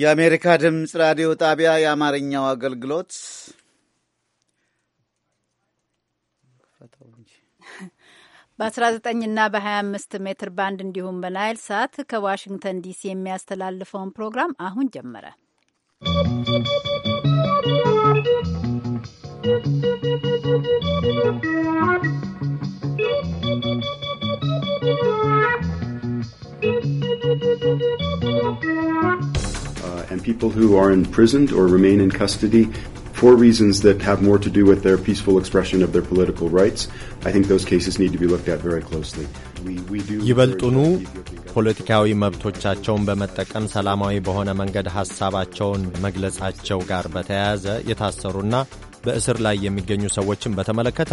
የአሜሪካ ድምፅ ራዲዮ ጣቢያ የአማርኛው አገልግሎት በ19 እና በ25 ሜትር ባንድ እንዲሁም በናይል ሳት ከዋሽንግተን ዲሲ የሚያስተላልፈውን ፕሮግራም አሁን ጀመረ። ¶¶ and people who are imprisoned or remain in custody for reasons that have more to do with their peaceful expression of their political rights, I think those cases need to be looked at very closely. ይበልጡኑ ፖለቲካዊ መብቶቻቸውን በመጠቀም ሰላማዊ በሆነ መንገድ ሐሳባቸውን መግለጻቸው ጋር በተያያዘ የታሰሩና በእስር ላይ የሚገኙ ሰዎችን በተመለከተ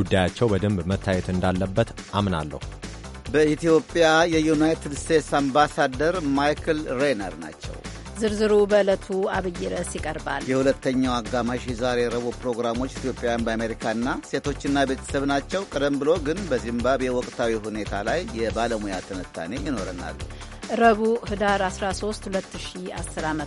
ጉዳያቸው በደንብ መታየት እንዳለበት አምናለሁ። በኢትዮጵያ የዩናይትድ ስቴትስ አምባሳደር ማይክል ሬነር ናቸው። ዝርዝሩ በዕለቱ አብይ ርዕስ ይቀርባል። የሁለተኛው አጋማሽ የዛሬ ረቡዕ ፕሮግራሞች ኢትዮጵያውያን በአሜሪካና ሴቶችና ቤተሰብ ናቸው። ቀደም ብሎ ግን በዚምባብዌ ወቅታዊ ሁኔታ ላይ የባለሙያ ትንታኔ ይኖረናል። ረቡዕ ህዳር 13 2010 ዓ ም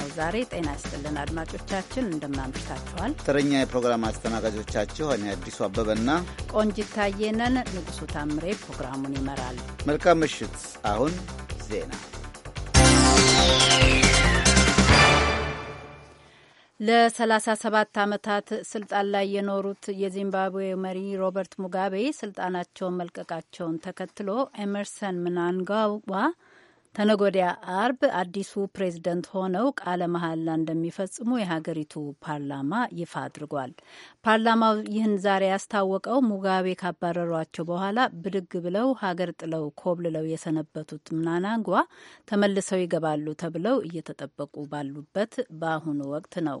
ነው ዛሬ። ጤና ይስጥልን አድማጮቻችን፣ እንደምናምሽታችኋል። ተረኛ የፕሮግራም አስተናጋጆቻችሁ እኔ አዲሱ አበበና ቆንጂት ታየነን። ንጉሱ ታምሬ ፕሮግራሙን ይመራል። መልካም ምሽት። አሁን ዜና ለ37 ዓመታት ስልጣን ላይ የኖሩት የዚምባብዌ መሪ ሮበርት ሙጋቤ ስልጣናቸውን መልቀቃቸውን ተከትሎ ኤመርሰን ምናንጋዋ ተነጎዲያ አርብ አዲሱ ፕሬዝደንት ሆነው ቃለ መሐላ እንደሚፈጽሙ የሀገሪቱ ፓርላማ ይፋ አድርጓል። ፓርላማው ይህን ዛሬ ያስታወቀው ሙጋቤ ካባረሯቸው በኋላ ብድግ ብለው ሀገር ጥለው ኮብልለው የሰነበቱት ምናናንጓ ተመልሰው ይገባሉ ተብለው እየተጠበቁ ባሉበት በአሁኑ ወቅት ነው።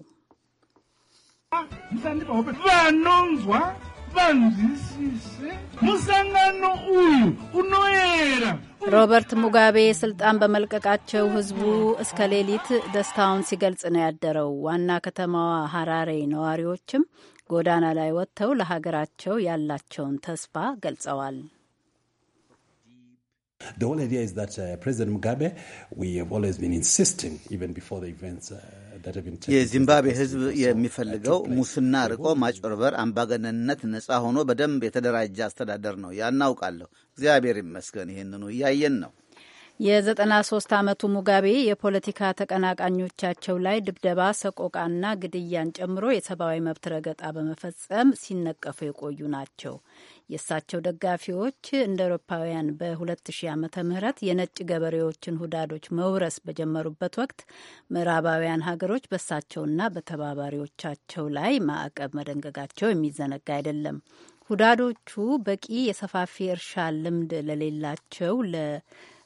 banzisise musangano uyu unoyera ሮበርት ሙጋቤ ስልጣን በመልቀቃቸው ህዝቡ እስከ ሌሊት ደስታውን ሲገልጽ ነው ያደረው። ዋና ከተማዋ ሀራሬ ነዋሪዎችም ጎዳና ላይ ወጥተው ለሀገራቸው ያላቸውን ተስፋ ገልጸዋል። The whole idea is that uh, President Mugabe, we have always been insisting, even before the events. Uh, የዚምባብዌ ሕዝብ uh, የሚፈልገው ሙስና ርቆ ማጭበርበር፣ አምባገነንነት ነጻ ሆኖ በደንብ የተደራጀ አስተዳደር ነው። ያናውቃለሁ። እግዚአብሔር ይመስገን ይህንኑ እያየን ነው። የ93 ዓመቱ ሙጋቤ የፖለቲካ ተቀናቃኞቻቸው ላይ ድብደባ፣ ሰቆቃና ግድያን ጨምሮ የሰብአዊ መብት ረገጣ በመፈጸም ሲነቀፉ የቆዩ ናቸው። የእሳቸው ደጋፊዎች እንደ አውሮፓውያን በ2000 ዓመተ ምህረት የነጭ ገበሬዎችን ሁዳዶች መውረስ በጀመሩበት ወቅት ምዕራባውያን ሀገሮች በእሳቸውና በተባባሪዎቻቸው ላይ ማዕቀብ መደንገጋቸው የሚዘነጋ አይደለም። ሁዳዶቹ በቂ የሰፋፊ እርሻ ልምድ ለሌላቸው ለ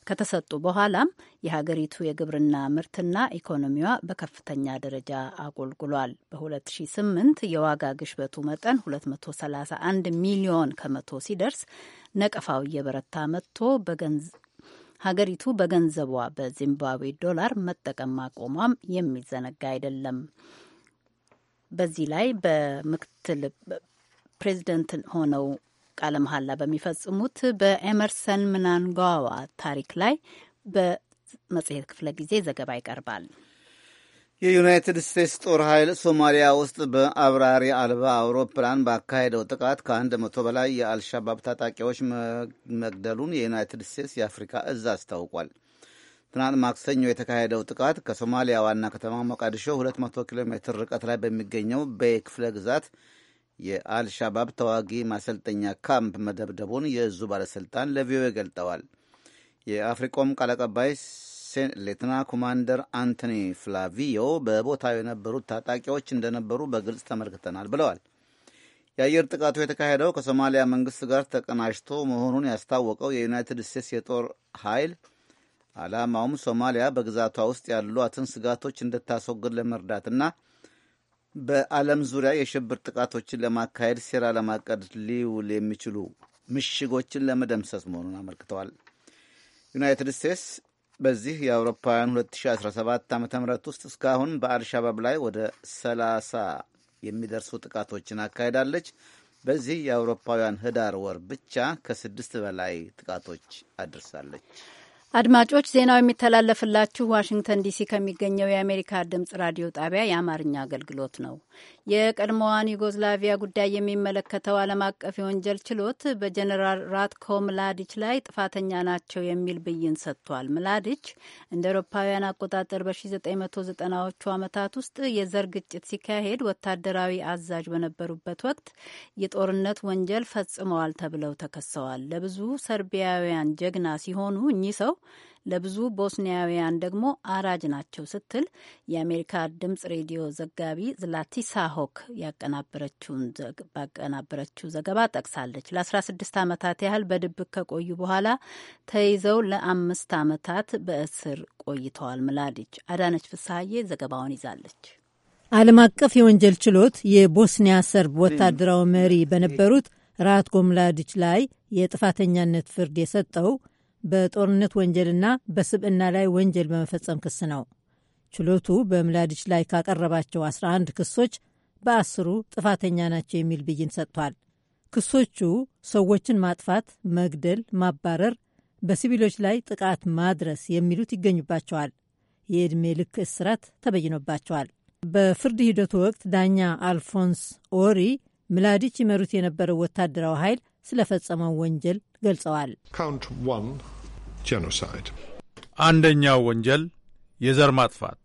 ከተሰጡ በኋላም የሀገሪቱ የግብርና ምርትና ኢኮኖሚዋ በከፍተኛ ደረጃ አቆልቁሏል። በ2008 የዋጋ ግሽበቱ መጠን 231 ሚሊዮን ከመቶ ሲደርስ ነቀፋው እየበረታ መጥቶ ሀገሪቱ በገንዘቧ በዚምባብዌ ዶላር መጠቀም ማቆሟም የሚዘነጋ አይደለም። በዚህ ላይ በምክትል ፕሬዚደንት ሆነው ቃለ መሐላ በሚፈጽሙት በኤመርሰን ምናንጓዋ ታሪክ ላይ በመጽሔት ክፍለ ጊዜ ዘገባ ይቀርባል። የዩናይትድ ስቴትስ ጦር ኃይል ሶማሊያ ውስጥ በአብራሪ አልባ አውሮፕላን ባካሄደው ጥቃት ከአንድ መቶ በላይ የአልሻባብ ታጣቂዎች መግደሉን የዩናይትድ ስቴትስ የአፍሪካ እዝ አስታውቋል። ትናንት ማክሰኞ የተካሄደው ጥቃት ከሶማሊያ ዋና ከተማ ሞቃዲሾ 200 ኪሎ ሜትር ርቀት ላይ በሚገኘው በክፍለ ግዛት የአልሻባብ ተዋጊ ማሰልጠኛ ካምፕ መደብደቡን የእዙ ባለሥልጣን ለቪኦኤ ገልጠዋል። የአፍሪቆም ቃል አቀባይ ኮማንደር አንቶኒ ፍላቪዮ በቦታው የነበሩት ታጣቂዎች እንደነበሩ በግልጽ ተመልክተናል ብለዋል። የአየር ጥቃቱ የተካሄደው ከሶማሊያ መንግስት ጋር ተቀናጅቶ መሆኑን ያስታወቀው የዩናይትድ ስቴትስ የጦር ኃይል ዓላማውም ሶማሊያ በግዛቷ ውስጥ ያሏትን ስጋቶች እንድታስወግድ ለመርዳትና በዓለም ዙሪያ የሽብር ጥቃቶችን ለማካሄድ ሴራ ለማቀድ ሊውል የሚችሉ ምሽጎችን ለመደምሰስ መሆኑን አመልክተዋል። ዩናይትድ ስቴትስ በዚህ የአውሮፓውያን 2017 ዓ ም ውስጥ እስካሁን በአልሻባብ ላይ ወደ 30 የሚደርሱ ጥቃቶችን አካሄዳለች። በዚህ የአውሮፓውያን ህዳር ወር ብቻ ከስድስት በላይ ጥቃቶች አድርሳለች። አድማጮች ዜናው የሚተላለፍላችሁ ዋሽንግተን ዲሲ ከሚገኘው የአሜሪካ ድምጽ ራዲዮ ጣቢያ የአማርኛ አገልግሎት ነው። የቀድሞዋን ዩጎዝላቪያ ጉዳይ የሚመለከተው ዓለም አቀፍ የወንጀል ችሎት በጀኔራል ራትኮ ምላዲች ላይ ጥፋተኛ ናቸው የሚል ብይን ሰጥቷል። ምላዲች እንደ አውሮፓውያን አቆጣጠር በ1990ዎቹ ዓመታት ውስጥ የዘር ግጭት ሲካሄድ ወታደራዊ አዛዥ በነበሩበት ወቅት የጦርነት ወንጀል ፈጽመዋል ተብለው ተከሰዋል። ለብዙ ሰርቢያውያን ጀግና ሲሆኑ እኚህ ሰው ለብዙ ቦስኒያውያን ደግሞ አራጅ ናቸው ስትል የአሜሪካ ድምጽ ሬዲዮ ዘጋቢ ዝላቲሳ ሆክ ባቀናበረችው ዘገባ ጠቅሳለች። ለ16 ዓመታት ያህል በድብቅ ከቆዩ በኋላ ተይዘው ለአምስት ዓመታት በእስር ቆይተዋል። ምላዲች አዳነች ፍስሀዬ ዘገባውን ይዛለች። ዓለም አቀፍ የወንጀል ችሎት የቦስኒያ ሰርብ ወታደራዊ መሪ በነበሩት ራትኮ ምላዲች ላይ የጥፋተኛነት ፍርድ የሰጠው በጦርነት ወንጀልና በስብዕና ላይ ወንጀል በመፈጸም ክስ ነው። ችሎቱ በምላዲች ላይ ካቀረባቸው 11 ክሶች በአስሩ ጥፋተኛ ናቸው የሚል ብይን ሰጥቷል። ክሶቹ ሰዎችን ማጥፋት፣ መግደል፣ ማባረር፣ በሲቪሎች ላይ ጥቃት ማድረስ የሚሉት ይገኙባቸዋል። የዕድሜ ልክ እስራት ተበይኖባቸዋል። በፍርድ ሂደቱ ወቅት ዳኛ አልፎንስ ኦሪ ምላዲች ይመሩት የነበረው ወታደራዊ ኃይል ስለፈጸመው ወንጀል ገልጸዋል። አንደኛው ወንጀል የዘር ማጥፋት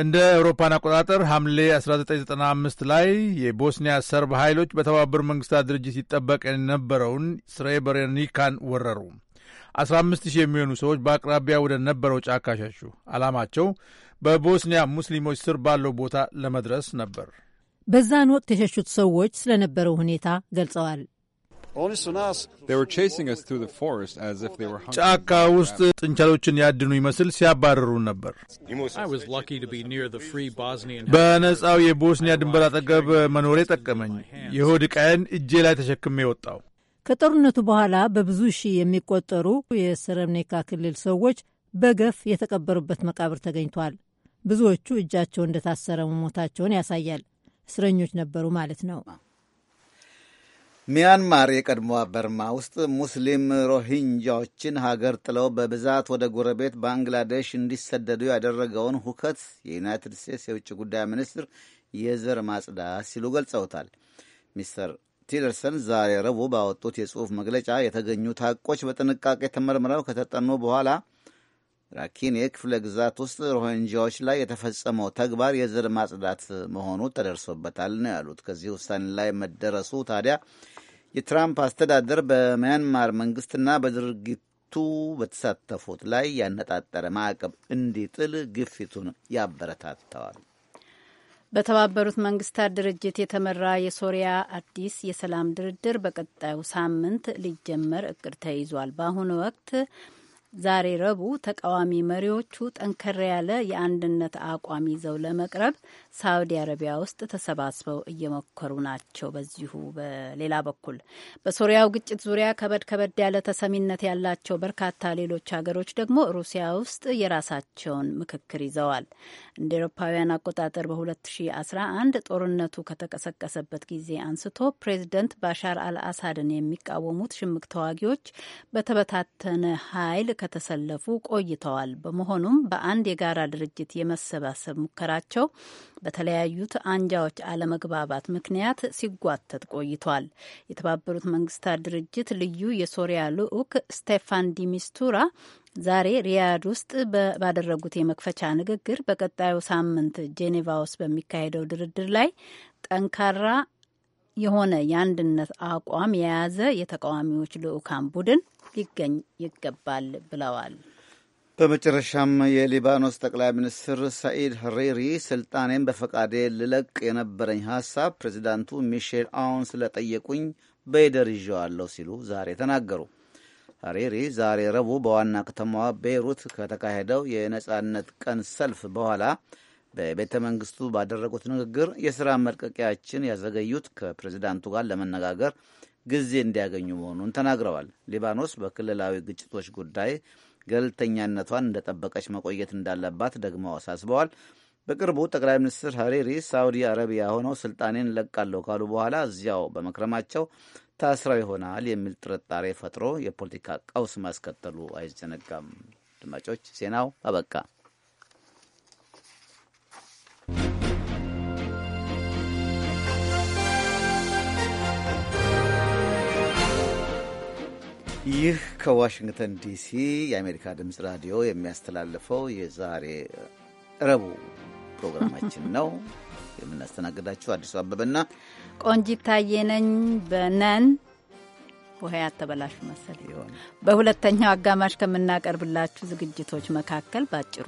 እንደ አውሮፓን አቆጣጠር ሐምሌ 1995 ላይ የቦስኒያ ሰርብ ኃይሎች በተባበሩ መንግሥታት ድርጅት ይጠበቅ የነበረውን ስሬበሬኒካን ወረሩ። 150 የሚሆኑ ሰዎች በአቅራቢያ ወደ ነበረው ጫካ ሸሹ። ዓላማቸው በቦስኒያ ሙስሊሞች ስር ባለው ቦታ ለመድረስ ነበር። በዛን ወቅት የሸሹት ሰዎች ስለነበረው ሁኔታ ገልጸዋል። ጫካ ውስጥ ጥንቸሎችን ያድኑ ይመስል ሲያባረሩን ነበር። በነጻው የቦስኒያ ድንበር አጠገብ መኖሬ ጠቀመኝ። የሆድ ቀን እጄ ላይ ተሸክሜ የወጣው። ከጦርነቱ በኋላ በብዙ ሺህ የሚቆጠሩ የሰረብኔካ ክልል ሰዎች በገፍ የተቀበሩበት መቃብር ተገኝቷል። ብዙዎቹ እጃቸው እንደታሰረ መሞታቸውን ያሳያል። እስረኞች ነበሩ ማለት ነው። ሚያንማር የቀድሞ በርማ ውስጥ ሙስሊም ሮሂንጃዎችን ሀገር ጥለው በብዛት ወደ ጎረቤት ባንግላዴሽ እንዲሰደዱ ያደረገውን ሁከት የዩናይትድ ስቴትስ የውጭ ጉዳይ ሚኒስትር የዘር ማጽዳት ሲሉ ገልጸውታል። ሚስተር ቲለርሰን ዛሬ ረቡዕ ባወጡት የጽሑፍ መግለጫ የተገኙት ሀቆች በጥንቃቄ ተመርምረው ከተጠኑ በኋላ ራኪኔ ክፍለ ግዛት ውስጥ ሮሂንጃዎች ላይ የተፈጸመው ተግባር የዘር ማጽዳት መሆኑ ተደርሶበታል ነው ያሉት። ከዚህ ውሳኔ ላይ መደረሱ ታዲያ የትራምፕ አስተዳደር በሚያንማር መንግስትና በድርጊቱ በተሳተፉት ላይ ያነጣጠረ ማዕቀብ እንዲጥል ግፊቱን ያበረታተዋል። በተባበሩት መንግስታት ድርጅት የተመራ የሶሪያ አዲስ የሰላም ድርድር በቀጣዩ ሳምንት ሊጀመር እቅድ ተይዟል። በአሁኑ ወቅት ዛሬ ረቡዕ ተቃዋሚ መሪዎቹ ጠንከር ያለ የአንድነት አቋም ይዘው ለመቅረብ ሳውዲ አረቢያ ውስጥ ተሰባስበው እየሞከሩ ናቸው። በዚሁ በሌላ በኩል በሶሪያው ግጭት ዙሪያ ከበድ ከበድ ያለ ተሰሚነት ያላቸው በርካታ ሌሎች ሀገሮች ደግሞ ሩሲያ ውስጥ የራሳቸውን ምክክር ይዘዋል። እንደ ኤሮፓውያን አቆጣጠር በ2011 ጦርነቱ ከተቀሰቀሰበት ጊዜ አንስቶ ፕሬዚደንት ባሻር አልአሳድን የሚቃወሙት ሽምቅ ተዋጊዎች በተበታተነ ኃይል ከተሰለፉ ቆይተዋል። በመሆኑም በአንድ የጋራ ድርጅት የመሰባሰብ ሙከራቸው በተለያዩት አንጃዎች አለመግባባት ምክንያት ሲጓተት ቆይቷል። የተባበሩት መንግስታት ድርጅት ልዩ የሶሪያ ልዑክ ስቴፋን ዲሚስቱራ ዛሬ ሪያድ ውስጥ ባደረጉት የመክፈቻ ንግግር በቀጣዩ ሳምንት ጄኔቫ ውስጥ በሚካሄደው ድርድር ላይ ጠንካራ የሆነ የአንድነት አቋም የያዘ የተቃዋሚዎች ልዑካን ቡድን ሊገኝ ይገባል ብለዋል። በመጨረሻም የሊባኖስ ጠቅላይ ሚኒስትር ሳኢድ ሀሪሪ ስልጣኔን በፈቃዴ ልለቅ የነበረኝ ሀሳብ ፕሬዚዳንቱ ሚሼል አውን ስለጠየቁኝ በይደር ይዤዋለሁ ሲሉ ዛሬ ተናገሩ። ሀሪሪ ዛሬ ረቡዕ በዋና ከተማዋ ቤይሩት ከተካሄደው የነጻነት ቀን ሰልፍ በኋላ በቤተ መንግስቱ ባደረጉት ንግግር የሥራ መልቀቂያችን ያዘገዩት ከፕሬዚዳንቱ ጋር ለመነጋገር ጊዜ እንዲያገኙ መሆኑን ተናግረዋል። ሊባኖስ በክልላዊ ግጭቶች ጉዳይ ገለልተኛነቷን እንደጠበቀች መቆየት እንዳለባት ደግሞ አሳስበዋል። በቅርቡ ጠቅላይ ሚኒስትር ሀሬሪ ሳውዲ አረቢያ ሆነው ስልጣኔን ለቃለሁ ካሉ በኋላ እዚያው በመክረማቸው ታስረው ይሆናል የሚል ጥርጣሬ ፈጥሮ የፖለቲካ ቀውስ ማስከተሉ አይዘነጋም። አድማጮች ዜናው አበቃ። ይህ ከዋሽንግተን ዲሲ የአሜሪካ ድምፅ ራዲዮ የሚያስተላልፈው የዛሬ ረቡዕ ፕሮግራማችን ነው። የምናስተናግዳችሁ አዲሱ አበበና ቆንጂት ታየ በነን ውሃ ያተበላሹ መሰል በሁለተኛው አጋማሽ ከምናቀርብላችሁ ዝግጅቶች መካከል ባጭሩ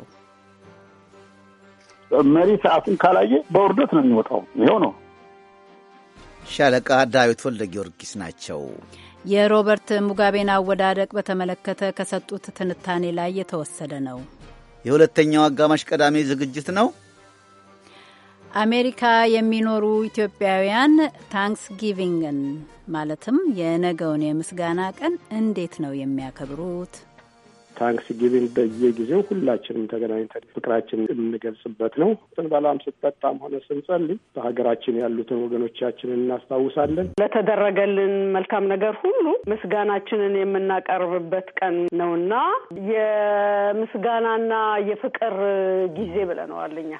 መሪ ሰዓቱን ካላየ በውርደት ነው የሚወጣው። ይኸው ነው። ሻለቃ ዳዊት ወልደ ጊዮርጊስ ናቸው። የሮበርት ሙጋቤን አወዳደቅ በተመለከተ ከሰጡት ትንታኔ ላይ የተወሰደ ነው። የሁለተኛው አጋማሽ ቀዳሚ ዝግጅት ነው። አሜሪካ የሚኖሩ ኢትዮጵያውያን ታንክስ ጊቪንግን ማለትም የነገውን የምስጋና ቀን እንዴት ነው የሚያከብሩት? ታንክስ ጊቪንግ በየጊዜው ሁላችንም ተገናኝተን ፍቅራችን የምንገልጽበት ነው። ስንበላም ስንጠጣም ሆነ ስንጸልይ በሀገራችን ያሉትን ወገኖቻችንን እናስታውሳለን። ለተደረገልን መልካም ነገር ሁሉ ምስጋናችንን የምናቀርብበት ቀን ነውና የምስጋናና የፍቅር ጊዜ ብለነዋል እኛ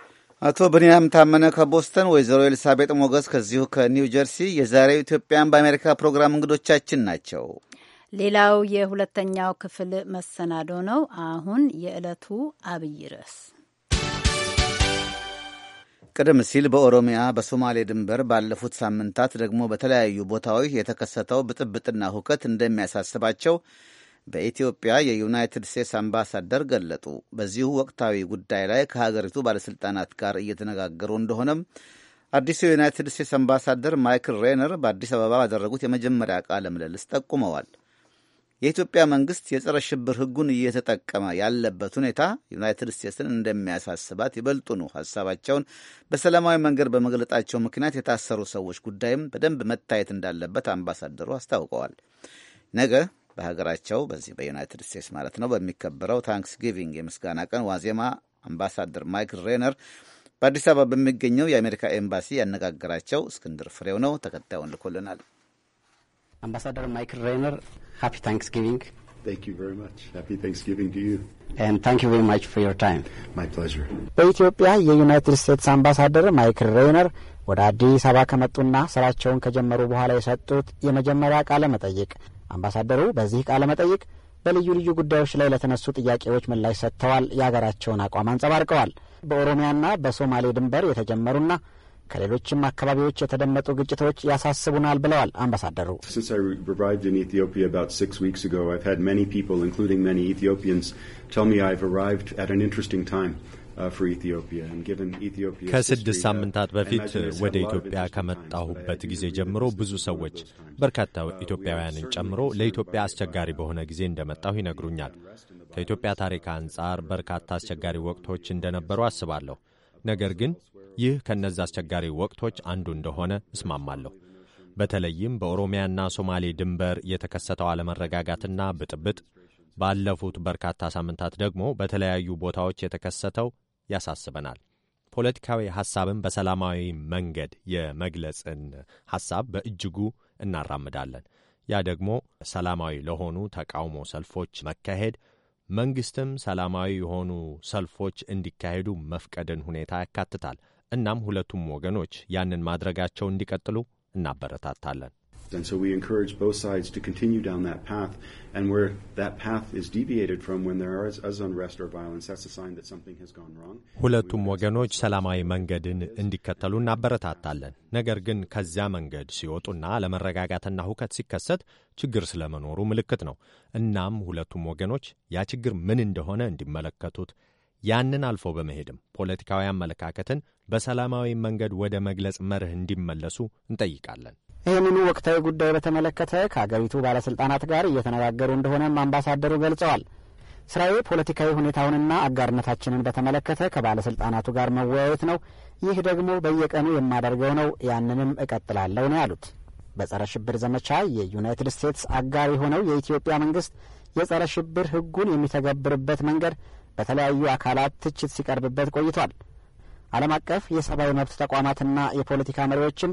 አቶ ብንያም ታመነ ከቦስተን፣ ወይዘሮ ኤልሳቤጥ ሞገስ ከዚሁ ከኒው ጀርሲ የዛሬው ኢትዮጵያን በአሜሪካ ፕሮግራም እንግዶቻችን ናቸው። ሌላው የሁለተኛው ክፍል መሰናዶ ነው። አሁን የዕለቱ አብይ ርዕስ ቅድም ሲል በኦሮሚያ በሶማሌ ድንበር ባለፉት ሳምንታት ደግሞ በተለያዩ ቦታዎች የተከሰተው ብጥብጥና ሁከት እንደሚያሳስባቸው በኢትዮጵያ የዩናይትድ ስቴትስ አምባሳደር ገለጡ። በዚሁ ወቅታዊ ጉዳይ ላይ ከሀገሪቱ ባለሥልጣናት ጋር እየተነጋገሩ እንደሆነም አዲሱ የዩናይትድ ስቴትስ አምባሳደር ማይክል ሬነር በአዲስ አበባ ባደረጉት የመጀመሪያ ቃለ ምልልስ ጠቁመዋል። የኢትዮጵያ መንግስት የጸረ ሽብር ህጉን እየተጠቀመ ያለበት ሁኔታ ዩናይትድ ስቴትስን እንደሚያሳስባት ይበልጡኑ ሀሳባቸውን በሰላማዊ መንገድ በመግለጣቸው ምክንያት የታሰሩ ሰዎች ጉዳይም በደንብ መታየት እንዳለበት አምባሳደሩ አስታውቀዋል። ነገ በሀገራቸው በዚህ በዩናይትድ ስቴትስ ማለት ነው በሚከበረው ታንክስ ጊቪንግ የምስጋና ቀን ዋዜማ አምባሳደር ማይክል ሬነር በአዲስ አበባ በሚገኘው የአሜሪካ ኤምባሲ ያነጋገራቸው እስክንድር ፍሬው ነው። ተከታዩን ልኮልናል። አምባሳደር ማይክል ሬይነር ሃፒ ታንክስ ጊቪንግ በኢትዮጵያ የዩናይትድ ስቴትስ አምባሳደር ማይክል ሬይነር ወደ አዲስ አበባ ከመጡና ስራቸውን ከጀመሩ በኋላ የሰጡት የመጀመሪያ ቃለ መጠይቅ። አምባሳደሩ በዚህ ቃለ መጠይቅ በልዩ ልዩ ጉዳዮች ላይ ለተነሱ ጥያቄዎች ምላሽ ሰጥተዋል። የሀገራቸውን አቋም አንጸባርቀዋል። በኦሮሚያና በሶማሌ ድንበር የተጀመሩና ከሌሎችም አካባቢዎች የተደመጡ ግጭቶች ያሳስቡናል ብለዋል አምባሳደሩ። uh, ከስድስት uh, ሳምንታት በፊት ወደ ኢትዮጵያ ከመጣሁበት ጊዜ ጀምሮ ብዙ ሰዎች uh, በርካታ ኢትዮጵያውያንን ጨምሮ ለኢትዮጵያ አስቸጋሪ በሆነ ጊዜ እንደመጣሁ ይነግሩኛል። ከኢትዮጵያ ታሪክ አንጻር በርካታ አስቸጋሪ ወቅቶች እንደነበሩ አስባለሁ። ነገር ግን ይህ ከእነዚ አስቸጋሪ ወቅቶች አንዱ እንደሆነ እስማማለሁ። በተለይም በኦሮሚያና ሶማሌ ድንበር የተከሰተው አለመረጋጋትና ብጥብጥ፣ ባለፉት በርካታ ሳምንታት ደግሞ በተለያዩ ቦታዎች የተከሰተው ያሳስበናል። ፖለቲካዊ ሐሳብን በሰላማዊ መንገድ የመግለጽን ሐሳብ በእጅጉ እናራምዳለን። ያ ደግሞ ሰላማዊ ለሆኑ ተቃውሞ ሰልፎች መካሄድ መንግስትም ሰላማዊ የሆኑ ሰልፎች እንዲካሄዱ መፍቀድን ሁኔታ ያካትታል። እናም ሁለቱም ወገኖች ያንን ማድረጋቸው እንዲቀጥሉ እናበረታታለን። past. And so we encourage both sides to continue down that path. And where that path is deviated from when there is unrest or violence, that's a sign that something has gone wrong. ሁለቱም ወገኖች ሰላማዊ መንገድን እንዲከተሉ እናበረታታለን። ነገር ግን ከዚያ መንገድ ሲወጡና ለመረጋጋትና ሁከት ሲከሰት ችግር ስለመኖሩ ምልክት ነው። እናም ሁለቱም ወገኖች ያ ችግር ምን እንደሆነ እንዲመለከቱት ያንን አልፎ በመሄድም ፖለቲካዊ አመለካከትን በሰላማዊ መንገድ ወደ መግለጽ መርህ እንዲመለሱ እንጠይቃለን። ይህንኑ ወቅታዊ ጉዳይ በተመለከተ ከሀገሪቱ ባለስልጣናት ጋር እየተነጋገሩ እንደሆነም አምባሳደሩ ገልጸዋል። ስራዬ ፖለቲካዊ ሁኔታውንና አጋርነታችንን በተመለከተ ከባለስልጣናቱ ጋር መወያየት ነው። ይህ ደግሞ በየቀኑ የማደርገው ነው። ያንንም እቀጥላለሁ ነው ያሉት። በጸረ ሽብር ዘመቻ የዩናይትድ ስቴትስ አጋር የሆነው የኢትዮጵያ መንግስት የጸረ ሽብር ህጉን የሚተገብርበት መንገድ በተለያዩ አካላት ትችት ሲቀርብበት ቆይቷል። ዓለም አቀፍ የሰብአዊ መብት ተቋማትና የፖለቲካ መሪዎችም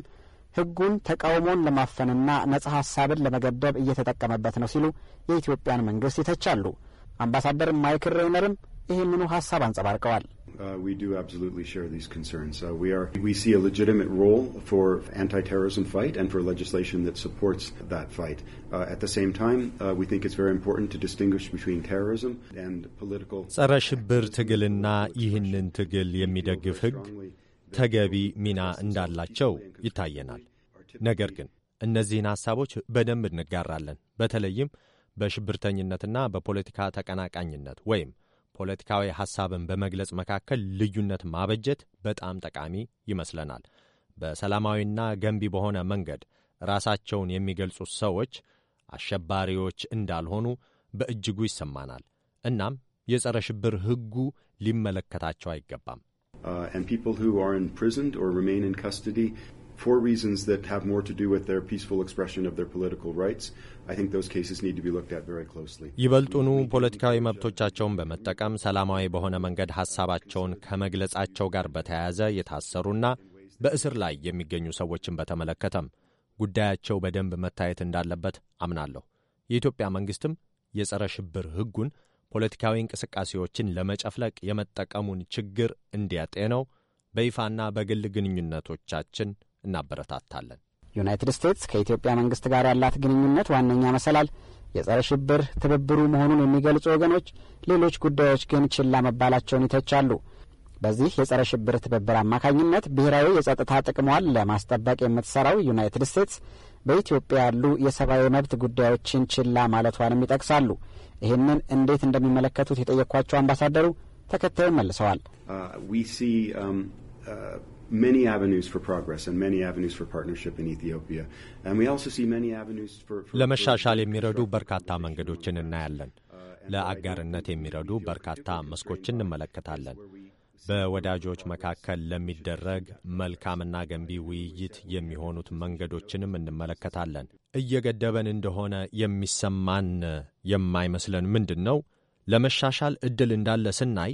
ህጉን ተቃውሞን ለማፈንና ነጻ ሀሳብን ለመገደብ እየተጠቀመበት ነው ሲሉ የኢትዮጵያን መንግስት ይተቻሉ። አምባሳደር ማይክል ሬይነርም ይህንኑ ሀሳብ አንጸባርቀዋል። ጸረ ሽብር ትግልና ይህንን ትግል የሚደግፍ ህግ ተገቢ ሚና እንዳላቸው ይታየናል። ነገር ግን እነዚህን ሐሳቦች በደንብ እንጋራለን። በተለይም በሽብርተኝነትና በፖለቲካ ተቀናቃኝነት ወይም ፖለቲካዊ ሐሳብን በመግለጽ መካከል ልዩነት ማበጀት በጣም ጠቃሚ ይመስለናል። በሰላማዊና ገንቢ በሆነ መንገድ ራሳቸውን የሚገልጹ ሰዎች አሸባሪዎች እንዳልሆኑ በእጅጉ ይሰማናል። እናም የጸረ ሽብር ሕጉ ሊመለከታቸው አይገባም። uh, and people who are imprisoned or remain in custody for reasons that have more to do with their peaceful expression of their political rights, I think those cases need to be looked at very closely. ይበልጡኑ ፖለቲካዊ መብቶቻቸውን በመጠቀም ሰላማዊ በሆነ መንገድ ሐሳባቸውን ከመግለጻቸው ጋር በተያያዘ የታሰሩና በእስር ላይ የሚገኙ ሰዎችን በተመለከተም ጉዳያቸው በደንብ መታየት እንዳለበት አምናለሁ። የኢትዮጵያ መንግስትም የጸረ ሽብር ሕጉን ፖለቲካዊ እንቅስቃሴዎችን ለመጨፍለቅ የመጠቀሙን ችግር እንዲያጤነው በይፋና በግል ግንኙነቶቻችን እናበረታታለን። ዩናይትድ ስቴትስ ከኢትዮጵያ መንግስት ጋር ያላት ግንኙነት ዋነኛ መሰላል የጸረ ሽብር ትብብሩ መሆኑን የሚገልጹ ወገኖች ሌሎች ጉዳዮች ግን ችላ መባላቸውን ይተቻሉ። በዚህ የጸረ ሽብር ትብብር አማካኝነት ብሔራዊ የጸጥታ ጥቅሟን ለማስጠበቅ የምትሰራው ዩናይትድ ስቴትስ በኢትዮጵያ ያሉ የሰብአዊ መብት ጉዳዮችን ችላ ማለቷንም ይጠቅሳሉ። ይህንን እንዴት እንደሚመለከቱት የጠየኳቸው አምባሳደሩ ተከታዩን መልሰዋል። ለመሻሻል የሚረዱ በርካታ መንገዶችን እናያለን። uh, ለአጋርነት የሚረዱ በርካታ መስኮችን እንመለከታለን። በወዳጆች መካከል ለሚደረግ መልካምና ገንቢ ውይይት የሚሆኑት መንገዶችንም እንመለከታለን። እየገደበን እንደሆነ የሚሰማን የማይመስለን ምንድን ነው? ለመሻሻል ዕድል እንዳለ ስናይ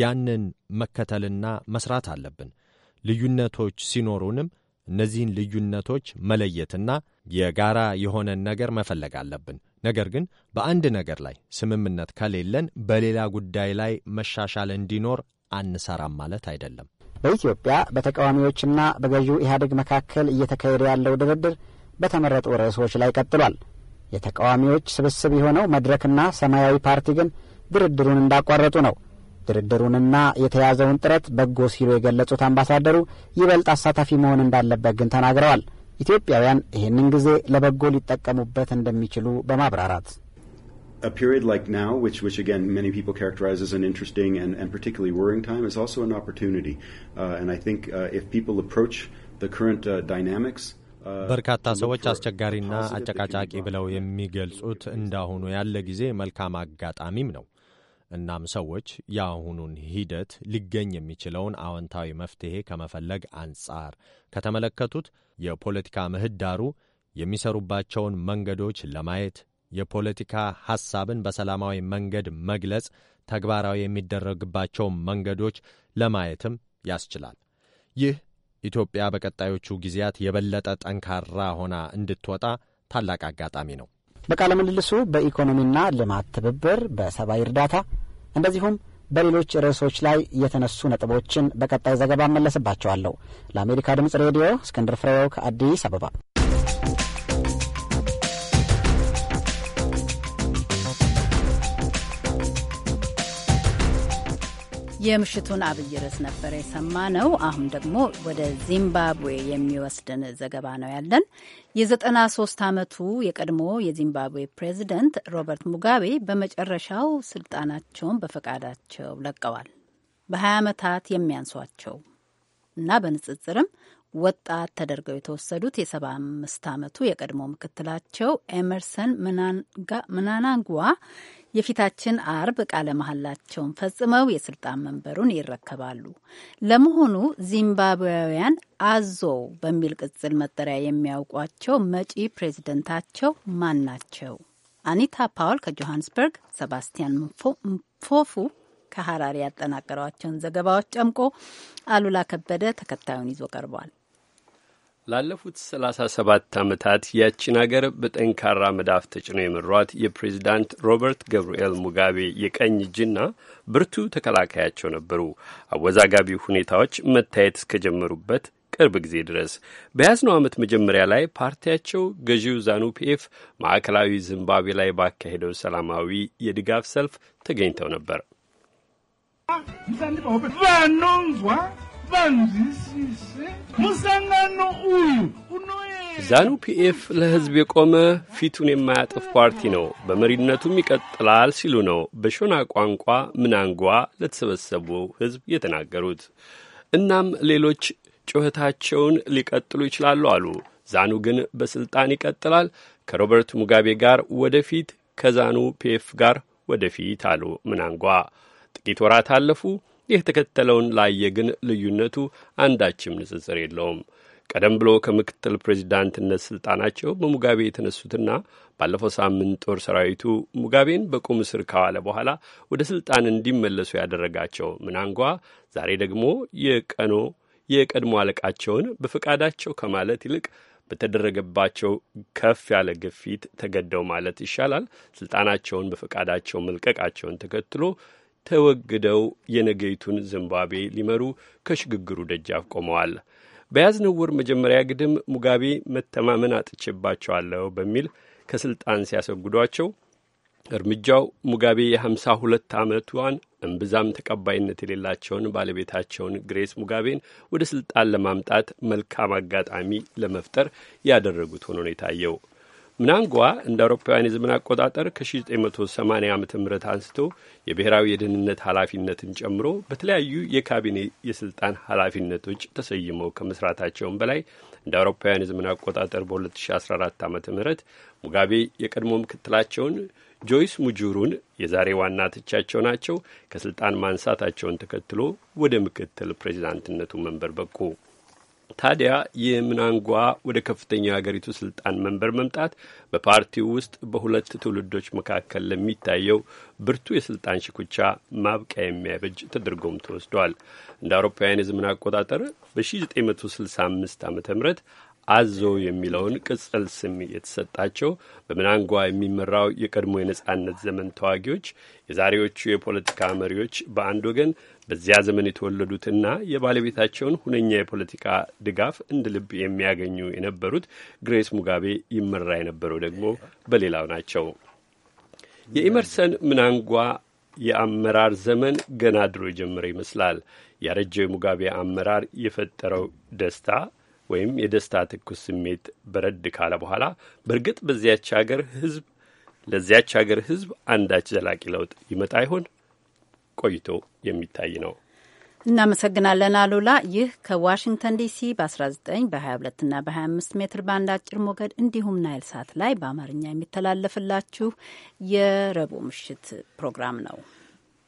ያንን መከተልና መስራት አለብን። ልዩነቶች ሲኖሩንም እነዚህን ልዩነቶች መለየትና የጋራ የሆነን ነገር መፈለግ አለብን። ነገር ግን በአንድ ነገር ላይ ስምምነት ከሌለን በሌላ ጉዳይ ላይ መሻሻል እንዲኖር አንሰራም ማለት አይደለም። በኢትዮጵያ በተቃዋሚዎችና በገዢው ኢህአዴግ መካከል እየተካሄደ ያለው ድርድር በተመረጡ ርዕሶች ላይ ቀጥሏል። የተቃዋሚዎች ስብስብ የሆነው መድረክና ሰማያዊ ፓርቲ ግን ድርድሩን እንዳቋረጡ ነው። ድርድሩንና የተያዘውን ጥረት በጎ ሲሉ የገለጹት አምባሳደሩ ይበልጥ አሳታፊ መሆን እንዳለበት ግን ተናግረዋል። ኢትዮጵያውያን ይህንን ጊዜ ለበጎ ሊጠቀሙበት እንደሚችሉ በማብራራት a period like now, which, which again many people characterize as an interesting and, and particularly worrying time, is also an opportunity. Uh, and I think uh, if people approach the current uh, dynamics በርካታ ሰዎች አስቸጋሪና አጨቃጫቂ ብለው የሚገልጹት እንዳሁኑ ያለ ጊዜ መልካም አጋጣሚም ነው። እናም ሰዎች የአሁኑን ሂደት ሊገኝ የሚችለውን አዎንታዊ መፍትሔ ከመፈለግ አንጻር ከተመለከቱት የፖለቲካ ምህዳሩ የሚሰሩባቸውን መንገዶች ለማየት የፖለቲካ ሐሳብን በሰላማዊ መንገድ መግለጽ ተግባራዊ የሚደረግባቸው መንገዶች ለማየትም ያስችላል። ይህ ኢትዮጵያ በቀጣዮቹ ጊዜያት የበለጠ ጠንካራ ሆና እንድትወጣ ታላቅ አጋጣሚ ነው። በቃለ ምልልሱ በኢኮኖሚና ልማት ትብብር፣ በሰብአዊ እርዳታ እንደዚሁም በሌሎች ርዕሶች ላይ የተነሱ ነጥቦችን በቀጣይ ዘገባ እመለስባቸዋለሁ። ለአሜሪካ ድምፅ ሬዲዮ እስክንድር ፍሬው ከአዲስ አበባ የምሽቱን አብይ ርዕስ ነበር ነው። አሁን ደግሞ ወደ ዚምባብዌ የሚወስድን ዘገባ ነው ያለን የዘጠና ሶስት ዓመቱ የቀድሞ የዚምባብዌ ፕሬዚደንት ሮበርት ሙጋቤ በመጨረሻው ስልጣናቸውን በፈቃዳቸው ለቀዋል። በ20 ዓመታት የሚያንሷቸው እና በንጽጽርም ወጣት ተደርገው የተወሰዱት የ75 ዓመቱ የቀድሞ ምክትላቸው ኤመርሰን ምናናንጓ የፊታችን አርብ ቃለ መሐላቸውን ፈጽመው የስልጣን መንበሩን ይረከባሉ። ለመሆኑ ዚምባብዌውያን አዞ በሚል ቅጽል መጠሪያ የሚያውቋቸው መጪ ፕሬዚደንታቸው ማን ናቸው? አኒታ ፓውል ከጆሃንስበርግ፣ ሰባስቲያን ፎፉ ከሀራሪ ያጠናቀሯቸውን ዘገባዎች ጨምቆ አሉላ ከበደ ተከታዩን ይዞ ቀርቧል። ላለፉት 37 ዓመታት ያቺን አገር በጠንካራ መዳፍ ተጭኖ የመሯት የፕሬዚዳንት ሮበርት ገብርኤል ሙጋቤ የቀኝ እጅና ብርቱ ተከላካያቸው ነበሩ። አወዛጋቢ ሁኔታዎች መታየት እስከጀመሩበት ቅርብ ጊዜ ድረስ በያዝነው ዓመት መጀመሪያ ላይ ፓርቲያቸው ገዢው ዛኑፒኤፍ ማዕከላዊ ዝምባብዌ ላይ ባካሄደው ሰላማዊ የድጋፍ ሰልፍ ተገኝተው ነበር። ዛኑ ፒኤፍ ለሕዝብ የቆመ ፊቱን የማያጥፍ ፓርቲ ነው፣ በመሪነቱም ይቀጥላል ሲሉ ነው በሾና ቋንቋ ምናንጓ ለተሰበሰቡ ሕዝብ የተናገሩት። እናም ሌሎች ጩኸታቸውን ሊቀጥሉ ይችላሉ አሉ። ዛኑ ግን በስልጣን ይቀጥላል ከሮበርት ሙጋቤ ጋር ወደፊት ከዛኑ ፒኤፍ ጋር ወደፊት አሉ ምናንጓ። ጥቂት ወራት አለፉ። የተከተለውን ላየ ግን ልዩነቱ አንዳችም ንጽጽር የለውም። ቀደም ብሎ ከምክትል ፕሬዚዳንትነት ስልጣናቸው በሙጋቤ የተነሱትና ባለፈው ሳምንት ጦር ሰራዊቱ ሙጋቤን በቁም እስር ካዋለ በኋላ ወደ ስልጣን እንዲመለሱ ያደረጋቸው ምናንጓ ዛሬ ደግሞ የቀኖ የቀድሞ አለቃቸውን በፈቃዳቸው ከማለት ይልቅ በተደረገባቸው ከፍ ያለ ግፊት ተገደው ማለት ይሻላል ስልጣናቸውን በፈቃዳቸው መልቀቃቸውን ተከትሎ ተወግደው የነገይቱን ዝምባብዌ ሊመሩ ከሽግግሩ ደጃፍ ቆመዋል። በያዝነው ወር መጀመሪያ ግድም ሙጋቤ መተማመን አጥቼባቸዋለሁ በሚል ከስልጣን ሲያስወግዷቸው እርምጃው ሙጋቤ የሀምሳ ሁለት ዓመቷን እምብዛም ተቀባይነት የሌላቸውን ባለቤታቸውን ግሬስ ሙጋቤን ወደ ስልጣን ለማምጣት መልካም አጋጣሚ ለመፍጠር ያደረጉት ሆኖ ነው የታየው። ምናንጓ እንደ አውሮፓውያን የዘመን አቆጣጠር ከ1980 ዓ ም አንስቶ የብሔራዊ የደህንነት ኃላፊነትን ጨምሮ በተለያዩ የካቢኔ የስልጣን ኃላፊነቶች ተሰይመው ከመስራታቸውም በላይ እንደ አውሮፓውያን የዘመን አቆጣጠር በ2014 ዓ ም ሙጋቤ የቀድሞ ምክትላቸውን ጆይስ ሙጁሩን የዛሬ ዋና ትቻቸው ናቸው ከስልጣን ማንሳታቸውን ተከትሎ ወደ ምክትል ፕሬዚዳንትነቱ መንበር በቁ። ታዲያ የምናንጓ ወደ ከፍተኛ የሀገሪቱ ስልጣን መንበር መምጣት በፓርቲው ውስጥ በሁለት ትውልዶች መካከል ለሚታየው ብርቱ የስልጣን ሽኩቻ ማብቂያ የሚያበጅ ተደርጎም ተወስዷል። እንደ አውሮፓውያን የዘመን አቆጣጠር በ1965 ዓ ም አዞ የሚለውን ቅጽል ስም የተሰጣቸው በምናንጓ የሚመራው የቀድሞ የነጻነት ዘመን ተዋጊዎች የዛሬዎቹ የፖለቲካ መሪዎች በአንድ ወገን በዚያ ዘመን የተወለዱትና የባለቤታቸውን ሁነኛ የፖለቲካ ድጋፍ እንደ ልብ የሚያገኙ የነበሩት ግሬስ ሙጋቤ ይመራ የነበረው ደግሞ በሌላው ናቸው። የኢመርሰን ምናንጓ የአመራር ዘመን ገና ድሮ ጀምረ ይመስላል። ያረጀው የሙጋቤ አመራር የፈጠረው ደስታ ወይም የደስታ ትኩስ ስሜት በረድ ካለ በኋላ በእርግጥ በዚያች ሀገር ህዝብ ለዚያች ሀገር ህዝብ አንዳች ዘላቂ ለውጥ ይመጣ ይሆን? ቆይቶ የሚታይ ነው። እናመሰግናለን አሉላ። ይህ ከዋሽንግተን ዲሲ በ19 በ22 እና በ25 ሜትር ባንድ አጭር ሞገድ እንዲሁም ናይል ሳት ላይ በአማርኛ የሚተላለፍላችሁ የረቡዕ ምሽት ፕሮግራም ነው።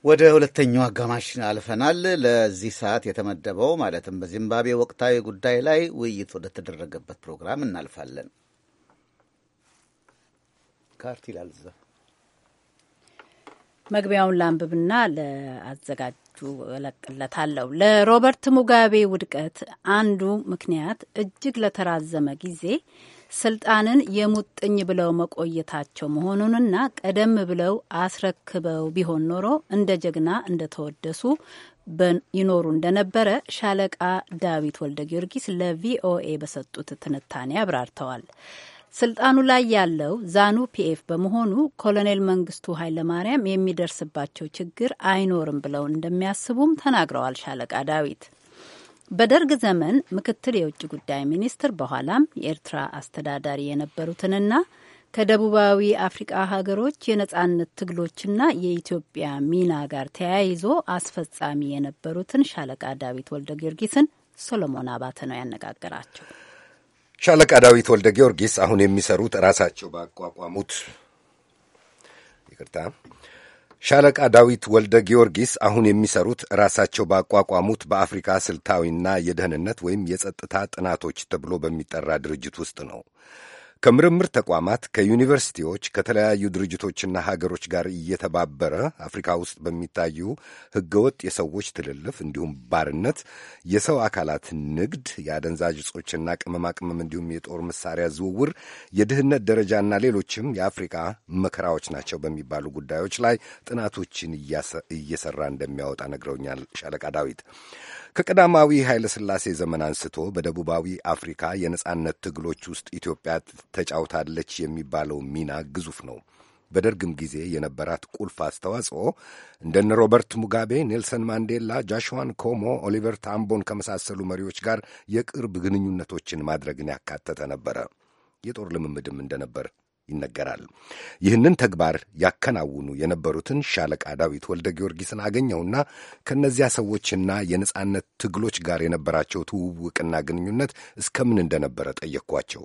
ወደ ሁለተኛው አጋማሽ አልፈናል። ለዚህ ሰዓት የተመደበው ማለትም በዚምባብዌ ወቅታዊ ጉዳይ ላይ ውይይት ወደተደረገበት ፕሮግራም እናልፋለን። ካርት ይላል እዛ መግቢያውን ላንብብና ለአዘጋጁ እለቅለታለሁ። ለሮበርት ሙጋቤ ውድቀት አንዱ ምክንያት እጅግ ለተራዘመ ጊዜ ስልጣንን የሙጥኝ ብለው መቆየታቸው መሆኑንና ቀደም ብለው አስረክበው ቢሆን ኖሮ እንደ ጀግና እንደተወደሱ ይኖሩ እንደነበረ ሻለቃ ዳዊት ወልደ ጊዮርጊስ ለቪኦኤ በሰጡት ትንታኔ አብራርተዋል። ስልጣኑ ላይ ያለው ዛኑ ፒኤፍ በመሆኑ ኮሎኔል መንግስቱ ኃይለማርያም የሚደርስባቸው ችግር አይኖርም ብለው እንደሚያስቡም ተናግረዋል ሻለቃ ዳዊት። በደርግ ዘመን ምክትል የውጭ ጉዳይ ሚኒስትር በኋላም የኤርትራ አስተዳዳሪ የነበሩትንና ከደቡባዊ አፍሪቃ ሀገሮች የነጻነት ትግሎችና የኢትዮጵያ ሚና ጋር ተያይዞ አስፈጻሚ የነበሩትን ሻለቃ ዳዊት ወልደ ጊዮርጊስን ሶሎሞን አባተ ነው ያነጋገራቸው። ሻለቃ ዳዊት ወልደ ጊዮርጊስ አሁን የሚሰሩት ራሳቸው ባቋቋሙት ይቅርታ ሻለቃ ዳዊት ወልደ ጊዮርጊስ አሁን የሚሰሩት ራሳቸው ባቋቋሙት በአፍሪካ ስልታዊና የደህንነት ወይም የጸጥታ ጥናቶች ተብሎ በሚጠራ ድርጅት ውስጥ ነው። ከምርምር ተቋማት፣ ከዩኒቨርሲቲዎች፣ ከተለያዩ ድርጅቶችና ሀገሮች ጋር እየተባበረ አፍሪካ ውስጥ በሚታዩ ህገወጥ የሰዎች ትልልፍ እንዲሁም ባርነት፣ የሰው አካላት ንግድ፣ የአደንዛዥ እጾችና ቅመማ ቅመም እንዲሁም የጦር መሳሪያ ዝውውር፣ የድህነት ደረጃና ሌሎችም የአፍሪካ መከራዎች ናቸው በሚባሉ ጉዳዮች ላይ ጥናቶችን እየሰራ እንደሚያወጣ ነግረውኛል ሻለቃ ዳዊት። ከቀዳማዊ ኃይለ ሥላሴ ዘመን አንስቶ በደቡባዊ አፍሪካ የነጻነት ትግሎች ውስጥ ኢትዮጵያ ተጫውታለች የሚባለው ሚና ግዙፍ ነው። በደርግም ጊዜ የነበራት ቁልፍ አስተዋጽኦ እንደነ ሮበርት ሙጋቤ፣ ኔልሰን ማንዴላ፣ ጃሽዋን ኮሞ፣ ኦሊቨር ታምቦን ከመሳሰሉ መሪዎች ጋር የቅርብ ግንኙነቶችን ማድረግን ያካተተ ነበረ። የጦር ልምምድም እንደነበር ይነገራል። ይህንን ተግባር ያከናውኑ የነበሩትን ሻለቃ ዳዊት ወልደ ጊዮርጊስን አገኘውና ከእነዚያ ሰዎችና የነጻነት ትግሎች ጋር የነበራቸው ትውውቅና ግንኙነት እስከምን እንደነበረ ጠየቅኳቸው።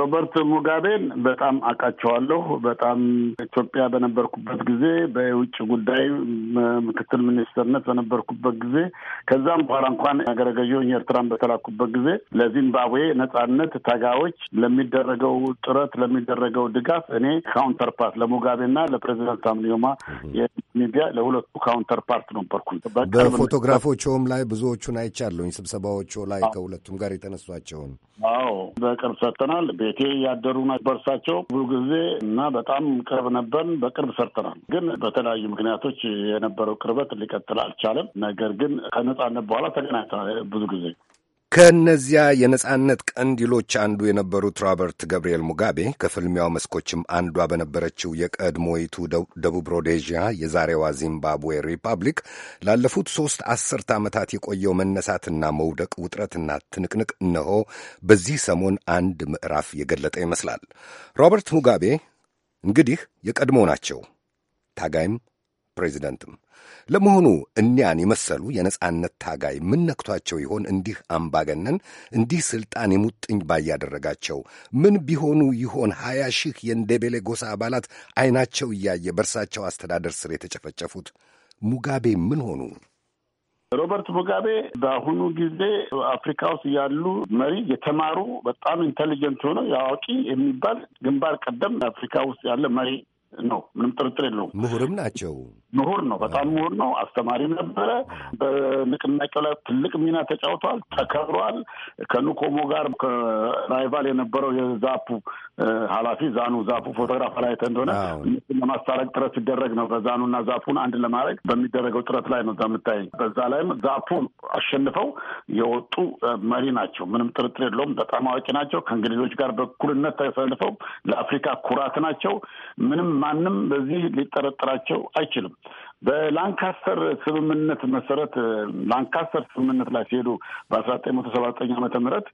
ሮበርት ሙጋቤን በጣም አውቃቸዋለሁ። በጣም ኢትዮጵያ በነበርኩበት ጊዜ በውጭ ጉዳይ ምክትል ሚኒስትርነት በነበርኩበት ጊዜ ከዛም በኋላ እንኳን ሀገረ ገዢውን ኤርትራን በተላኩበት ጊዜ ለዚምባብዌ ነጻነት ታጋዮች ለሚደረገው ጥረት ለሚደረገው ድጋፍ እኔ ካውንተር ፓርት ለሙጋቤና ለፕሬዚደንት አምኒዮማ የሚዲያ ለሁለቱ ካውንተር ፓርት ነበርኩኝ። በፎቶግራፎችም ላይ ብዙዎቹን አይቻለሁኝ፣ ስብሰባዎቹ ላይ ከሁለቱም ጋር የተነሷቸውን። አዎ በቅርብ ሰጥተናል። ቤቴ ያደሩ ነበር እሳቸው ብዙ ጊዜ እና በጣም ቅርብ ነበርን። በቅርብ ሰርተናል። ግን በተለያዩ ምክንያቶች የነበረው ቅርበት ሊቀጥል አልቻለም። ነገር ግን ከነጻነት በኋላ ተገናኝተናል ብዙ ጊዜ ከእነዚያ የነጻነት ቀንዲሎች አንዱ የነበሩት ሮበርት ገብርኤል ሙጋቤ ከፍልሚያው መስኮችም አንዷ በነበረችው የቀድሞይቱ ደቡብ ሮዴዥያ የዛሬዋ ዚምባብዌ ሪፐብሊክ ላለፉት ሦስት አስርት ዓመታት የቆየው መነሳትና መውደቅ ውጥረትና ትንቅንቅ እነሆ በዚህ ሰሞን አንድ ምዕራፍ የገለጠ ይመስላል። ሮበርት ሙጋቤ እንግዲህ የቀድሞ ናቸው ታጋይም ፕሬዚደንትም። ለመሆኑ እኒያን የመሰሉ የነጻነት ታጋይ ምን ነክቷቸው ይሆን እንዲህ አምባገነን እንዲህ ስልጣን የሙጥኝ ባያደረጋቸው? ምን ቢሆኑ ይሆን ሀያ ሺህ የእንደቤሌ ጎሳ አባላት አይናቸው እያየ በእርሳቸው አስተዳደር ስር የተጨፈጨፉት? ሙጋቤ ምን ሆኑ? ሮበርት ሙጋቤ በአሁኑ ጊዜ አፍሪካ ውስጥ ያሉ መሪ የተማሩ በጣም ኢንቴሊጀንት ሆነው የአዋቂ የሚባል ግንባር ቀደም አፍሪካ ውስጥ ያለ መሪ ነው። ምንም ጥርጥር የለውም። ምሁርም ናቸው። ምሁር ነው። በጣም ምሁር ነው። አስተማሪ ነበረ። በንቅናቄው ላይ ትልቅ ሚና ተጫውቷል። ተከብሯል። ከኑኮሞ ጋር ከራይቫል የነበረው የዛፑ ኃላፊ ዛኑ ዛፉ ፎቶግራፍ ላይ አይተህ እንደሆነ እነሱን ለማስታረቅ ጥረት ሲደረግ ነው። በዛኑና ዛፉን አንድ ለማድረግ በሚደረገው ጥረት ላይ ነው እዛ በዛ ላይም ዛፑ አሸንፈው የወጡ መሪ ናቸው። ምንም ጥርጥር የለውም። በጣም አዋቂ ናቸው። ከእንግሊዞች ጋር በእኩልነት ተሰልፈው ለአፍሪካ ኩራት ናቸው። ምንም ማንም በዚህ ሊጠረጥራቸው አይችልም። በላንካስተር ስምምነት መሰረት ላንካስተር ስምምነት ላይ ሲሄዱ በአስራ ዘጠኝ መቶ ሰባ ዘጠኝ ዓመተ ምህረት